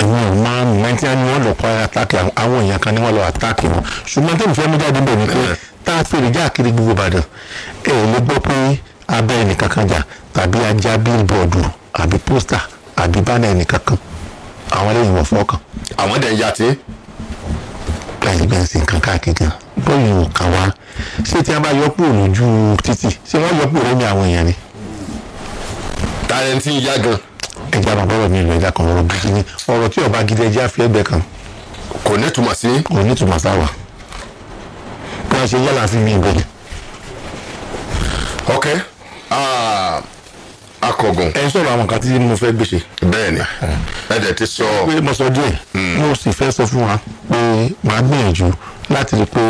ìwọ̀n máa ń mẹ́tí á ní wọ́n lọ para àtàkì àwọn èèyàn kan ní wọ́n lọ àtàkì wọn ṣùgbọ́n tẹ́lifí fẹ́ mú jáde bẹ̀ ni pé eh. tá a fèrè já kiri gbogbo Ìbàdàn ẹ̀ ò lè gbọ́ pé abẹ́ ẹnìkan kan jà tàbí ajá bíi bọ́ọ̀dù àbí pósítà àbí bánà ẹnìkankan àwọn eléyìí wọ̀ fọ́ọ̀kan. àwọn dẹ̀ ń ya tí. báyìí bẹ́ẹ̀ sì ń kan káàkiri gan bọ́ọ̀lù ò kà wá ṣé tí wọ́n bá yọ kúrò lójú títì ṣé wọ́n yọ kúrò lómi àwọn èèyàn ni. tàrẹ́ntì yá gan. ẹgbẹ́ àwọn bọ́ọ̀lù mi ìlú ẹja kan ọ̀rọ̀ gidi ni ọ̀rọ̀ tí ọba gidi ẹja fi ẹgbẹ́ kan. kò ní túmọ̀ sí. kò ní túmọ̀ sáwà bí wọ́n ṣe yálà sí mi ìbẹ̀rẹ̀. ok. Uh, akọgun. ẹ sọ̀rọ̀ àwọn nǹkan tí mo fẹ́ gbèsè. bẹ́ẹ̀ni ẹ dẹ̀ ti sọ. pé mo sọ díẹ̀ hmm. mo sì fẹ́ sọ fún wa pé màá gbìyànjú láti rí pé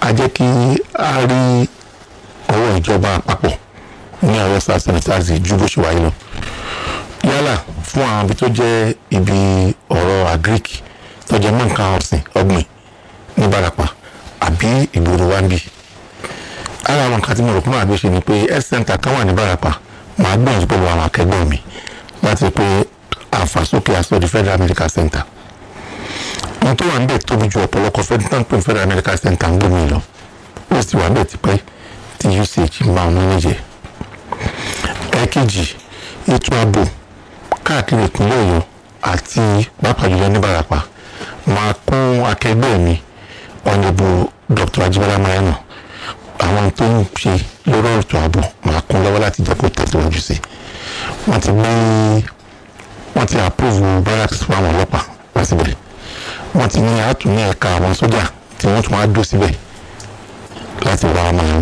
a jẹ́ kí a rí ọwọ́ ìjọba àpapọ̀ ní àwọn sars ju bó ṣe wáyé lọ yálà fún àwọn ibi tó jẹ́ ibi ọ̀rọ̀ agric tó jẹ́ mọ́ nǹkan ọ̀sìn ọ̀gbìn ní barapa àbí ìgboro wa ń bì. ara àwọn nǹkan tí mo rò pé màá gbé ni pé health center kan wà ní barapa màá gbìyànjú pẹ̀lú àwọn akẹgbẹ́ mi láti pé àfàsókè àsọdí federal medical center wọn tó wà níbẹ̀ tóbi ju ọ̀pọ̀lọpọ̀ fẹ́ntánpẹ̀ federal medical center ń gbómi lọ ó sì wà bẹ́ẹ̀ tipẹ́ tí usage ń bá wọn níjẹ. ẹ̀kejì ètò ààbò káàkiri ìpínlẹ̀ ọ̀yọ́ àti pàápàá jùlọ ní Ìbàràpá máa kún akẹgbẹ́ mi ọ̀nẹ́bù Dr. Ajíbọ́lá Mariam àwọn tó ń ṣe lórí ọ̀tọ̀ ààbò máa kún lọ́wọ́ láti jẹ́ kó tẹ̀síwájú sí wọ́n ti gbé wọ́n ti àpòvù barracks fún àwọn ọlọ́pàá wá síbẹ̀ wọ́n ti ní àtún ní ẹ̀ka àwọn sójà tí wọ́n tún wá dó síbẹ̀ láti wá máa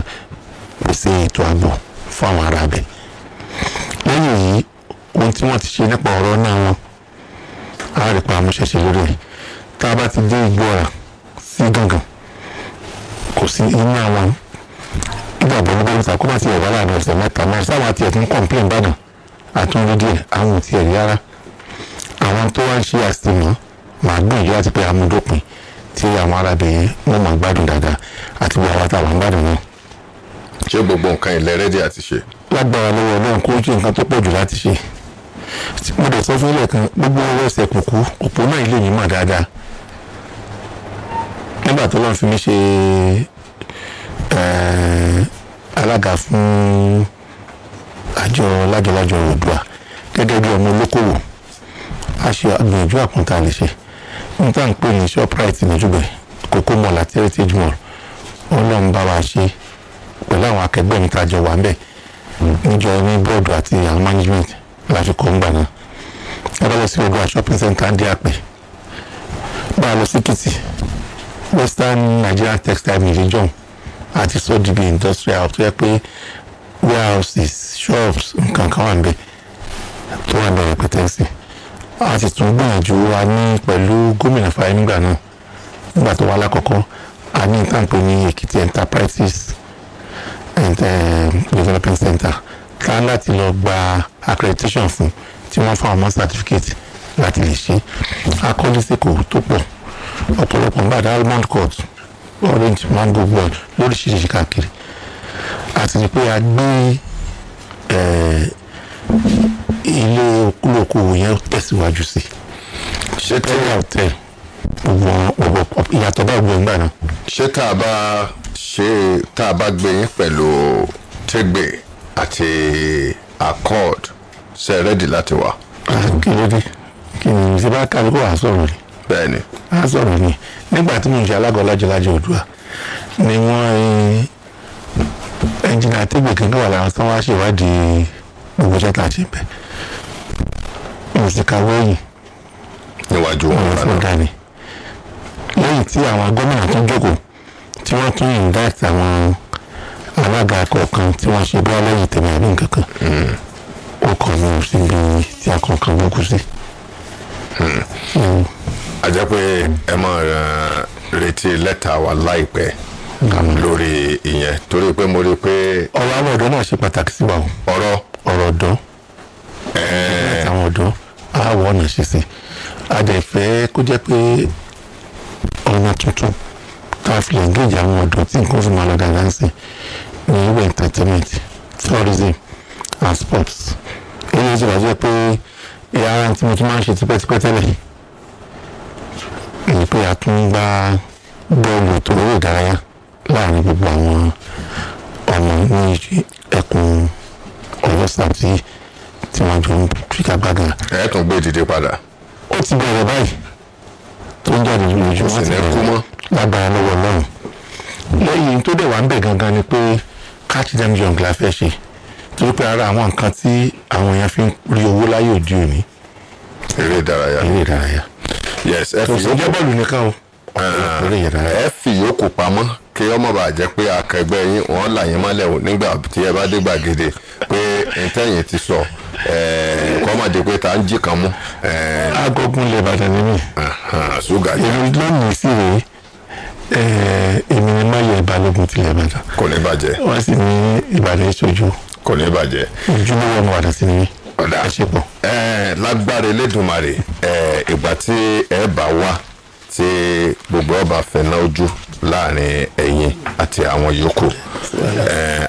pèsè ètò ààbò fún àwọn ará bẹ̀ lẹ́yìn èyí ohun tí wọ́n ti ṣe nípa ọ̀rọ̀ náà wọn á rí pa àmúṣẹ́ṣe lórí ẹ̀ tá a bá ti dé ìgbó ọ̀rà sí gàngàn kò sí iná àwọn nígbà tó ń gbọ́dọ̀ sàkóbá tiẹ̀ wà láàrin ọ̀sẹ̀ mẹ́ta mọ́ sáwọn àti ẹ̀tún kọ̀ǹpléǹ bàdàn àtúndí díẹ̀ àwọn ti ẹ̀rí rárá àwọn tó wá ń ṣe àsìmọ́ màá gbìyànjú láti pé amúdópin tí àwọn arábìnrin wọn máa gbádùn dáadáa àti bí àwọn táwọn gbádùn náà. ṣé gbogbo nǹkan ìlẹ́rẹ́dì àti ṣe. lágbára lọ́wọ́ ọlọ́run kó jẹ́ nǹkan tó pọ̀ jù láti ṣe mo dẹ̀ sọ fún ilẹ̀ kan gbogbo owó ẹsẹ̀ kùkú òpó náà ilé yìí mà dáadáa nígbà tó lọ́n fi mí ṣe Eh, alága fún àjọ lájọlájọ oòdùà gẹ́gẹ́ bí ọmọ olókòwò a ṣe àgbìyànjú àkúntà lè ṣe n tá n pè ní shoprite níjúbẹ kókó mall àti heritage mall ọlọ́run bá wa ṣe pẹ̀lú àwọn akẹgbẹ́ mi tàjọ wà ńbẹ̀ níjọ ní bọ́ọ̀dù àti àwọn management láti kọ́ ńgbà náà ẹ bá lọ sí oòdùà shopping center ń dé àpè bá a lọ sí kìtì western nigeria textile museum àti sọ di bíi industrial tó yẹ pé warehouses shops nǹkan kan wà níbẹ̀ tó wà bẹ̀rẹ̀ pẹ̀tẹ́sì a sì tún gbìyànjú wa ní pẹ̀lú gómìnà Fáyẹmí nígbà náà nígbà tó wà lákọ̀ọ́kọ́ a ní ìtànpé ní Èkìtì enterprises and eh, development center ká láti lọ gba accreditation fún tí wọ́n fún àwọn certificate láti lè ṣe akọ́lé sèkò tó pọ̀ ọ̀pọ̀lọpọ̀ nígbà dá almond court orange mango gold lóríṣiríṣi káàkiri àti ni pé a gbé eh, ilé olókoòwò yẹn tẹ̀síwájú sí ṣé tẹ́lẹ̀ hotel gbogbo ọ̀pọ̀ ìyàtọ̀ bá gbogbo ìgbà náà. ṣé tá a bá ṣe tá a bá gbé yín pẹ̀lú tẹ́gbẹ̀ àti accord ṣe rẹ́dì láti wá. Ah, kí ló dé kí ni ìṣe bá kálukú wàá sọ̀rọ̀ rẹ̀ bẹ́ẹ̀ni. a sọ̀rọ̀ ni nígbà tí mo ń ṣe alága ọlájọlájọ òdua ni wọ́n ẹnjìnà àtẹ̀gbẹ̀ kankan wà láwọn sọ́wọ́n aṣèwádìí gbogbo ṣẹ́ta ṣe bẹ̀ mo sì kàwé yìí. níwájú wọn lọ fún dani lẹ́yìn tí àwọn gómìnà tún jókòó tí wọ́n tún indict àwọn alága kọ̀ọ̀kan tí wọ́n ṣe bí alẹ́ yìí tẹ̀lé àbí nǹkan hmm. ó kàn mí síbi tí a kọ̀ọ̀kan ló a jẹ́ pé ẹ mọ̀ retí lẹ́tà wa láìpẹ́ hmm. lórí ìyẹn torí pé mo rí i pé. ọ̀rọ̀ àwọn ọ̀dọ́ náà ṣe pàtàkì sí wa o. ọ̀rọ̀ ọ̀rọ̀ ọ̀dọ́ lẹ́tà àwọn ọ̀dọ́ àwọ̀ ọ̀nà ṣe sí a dẹ̀ fẹ́ kó jẹ́ pé ọ̀nà tuntun ká fi engage àwọn ọ̀dọ́ tí nǹkan fún ma lọ dáadáa ní ìwé entertainment tourism and sports. èyí ló ṣe wájú pé ìyá ara tí mo tún máa ń ṣe tipẹ́tipẹ́ tẹ́lẹ̀ yìí èyí pé a tún gbá bọ́ọ̀lù tó rò ìdárayá láàrin gbogbo àwọn ọmọ ní ẹkùn ọlọ́sà tí tí wọ́n jọ ń kíkà gbàgà. ẹ tún gbé ìdíje padà. ó ti bẹ̀rẹ̀ báyìí tó ń jáde lójú wọn ti bẹ̀rẹ̀ lágbára lọ́wọ́ ọlọ́run lẹ́yìn tó dẹ̀ wá ń bẹ̀ gangan ni pé catch them young la fẹ́ ṣe torí pé ara àwọn nǹkan tí àwọn èèyàn fi ń rí owó láyé òde òní. eré ìdárayá eré ìdárayá yes ẹ fi yókù bọ́ọ̀lù nìkan o ẹ fi yókù pamọ́ kí ọmọ bá jẹ́ pé akẹgbẹ́ yín wọ́n là yín mọ́lẹ̀ nígbà tí ẹ bá dé gbàgede pé ntẹ́yìn ti sọ kọ́ máa jẹ́ pé kan mú. Eh. agogun lè bàtà ṣúgà èmi lónìí rèé eh, èmi ni tilẹ̀ bàtà. kò ní ọ̀dà lágbára elédùnmarè ìgbà tí ẹ bá wá tí gbogbo ọba fẹ̀nà ojú láàrin ẹ̀yin àti àwọn yòókù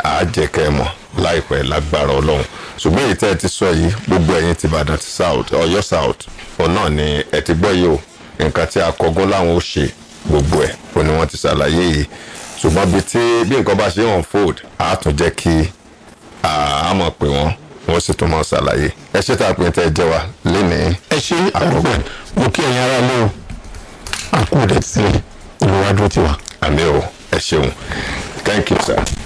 àájẹkẹ mọ̀ láìpẹ́ lágbára ọlọ́run ṣùgbọ́n èyí tẹ́ ẹ ti sọ yìí gbogbo ẹ̀yin ti Ìbàdàn ti south Ọ̀yọ́ south òun náà ni ẹ ti gbọ́ yìí o nǹkan tí akọgún láwọn ó ṣe gbogbo ẹ̀ òun ni wọ́n ti ṣàlàyé yìí ṣùgbọ́n bí nǹkan bá ṣe unfold àá tún jẹ́ kí àá pé wọ́n wọ́n sì tún máa ṣàlàyé ẹ ṣe tá a pè tẹ́ ẹ jẹ́ wa lénìí. ẹ ṣe àkókò mo kí ẹ̀yin ará lé o àkókò rẹ̀ sílẹ̀ olùwádùn tiwa. àmì o ẹ ṣeun thank you sir.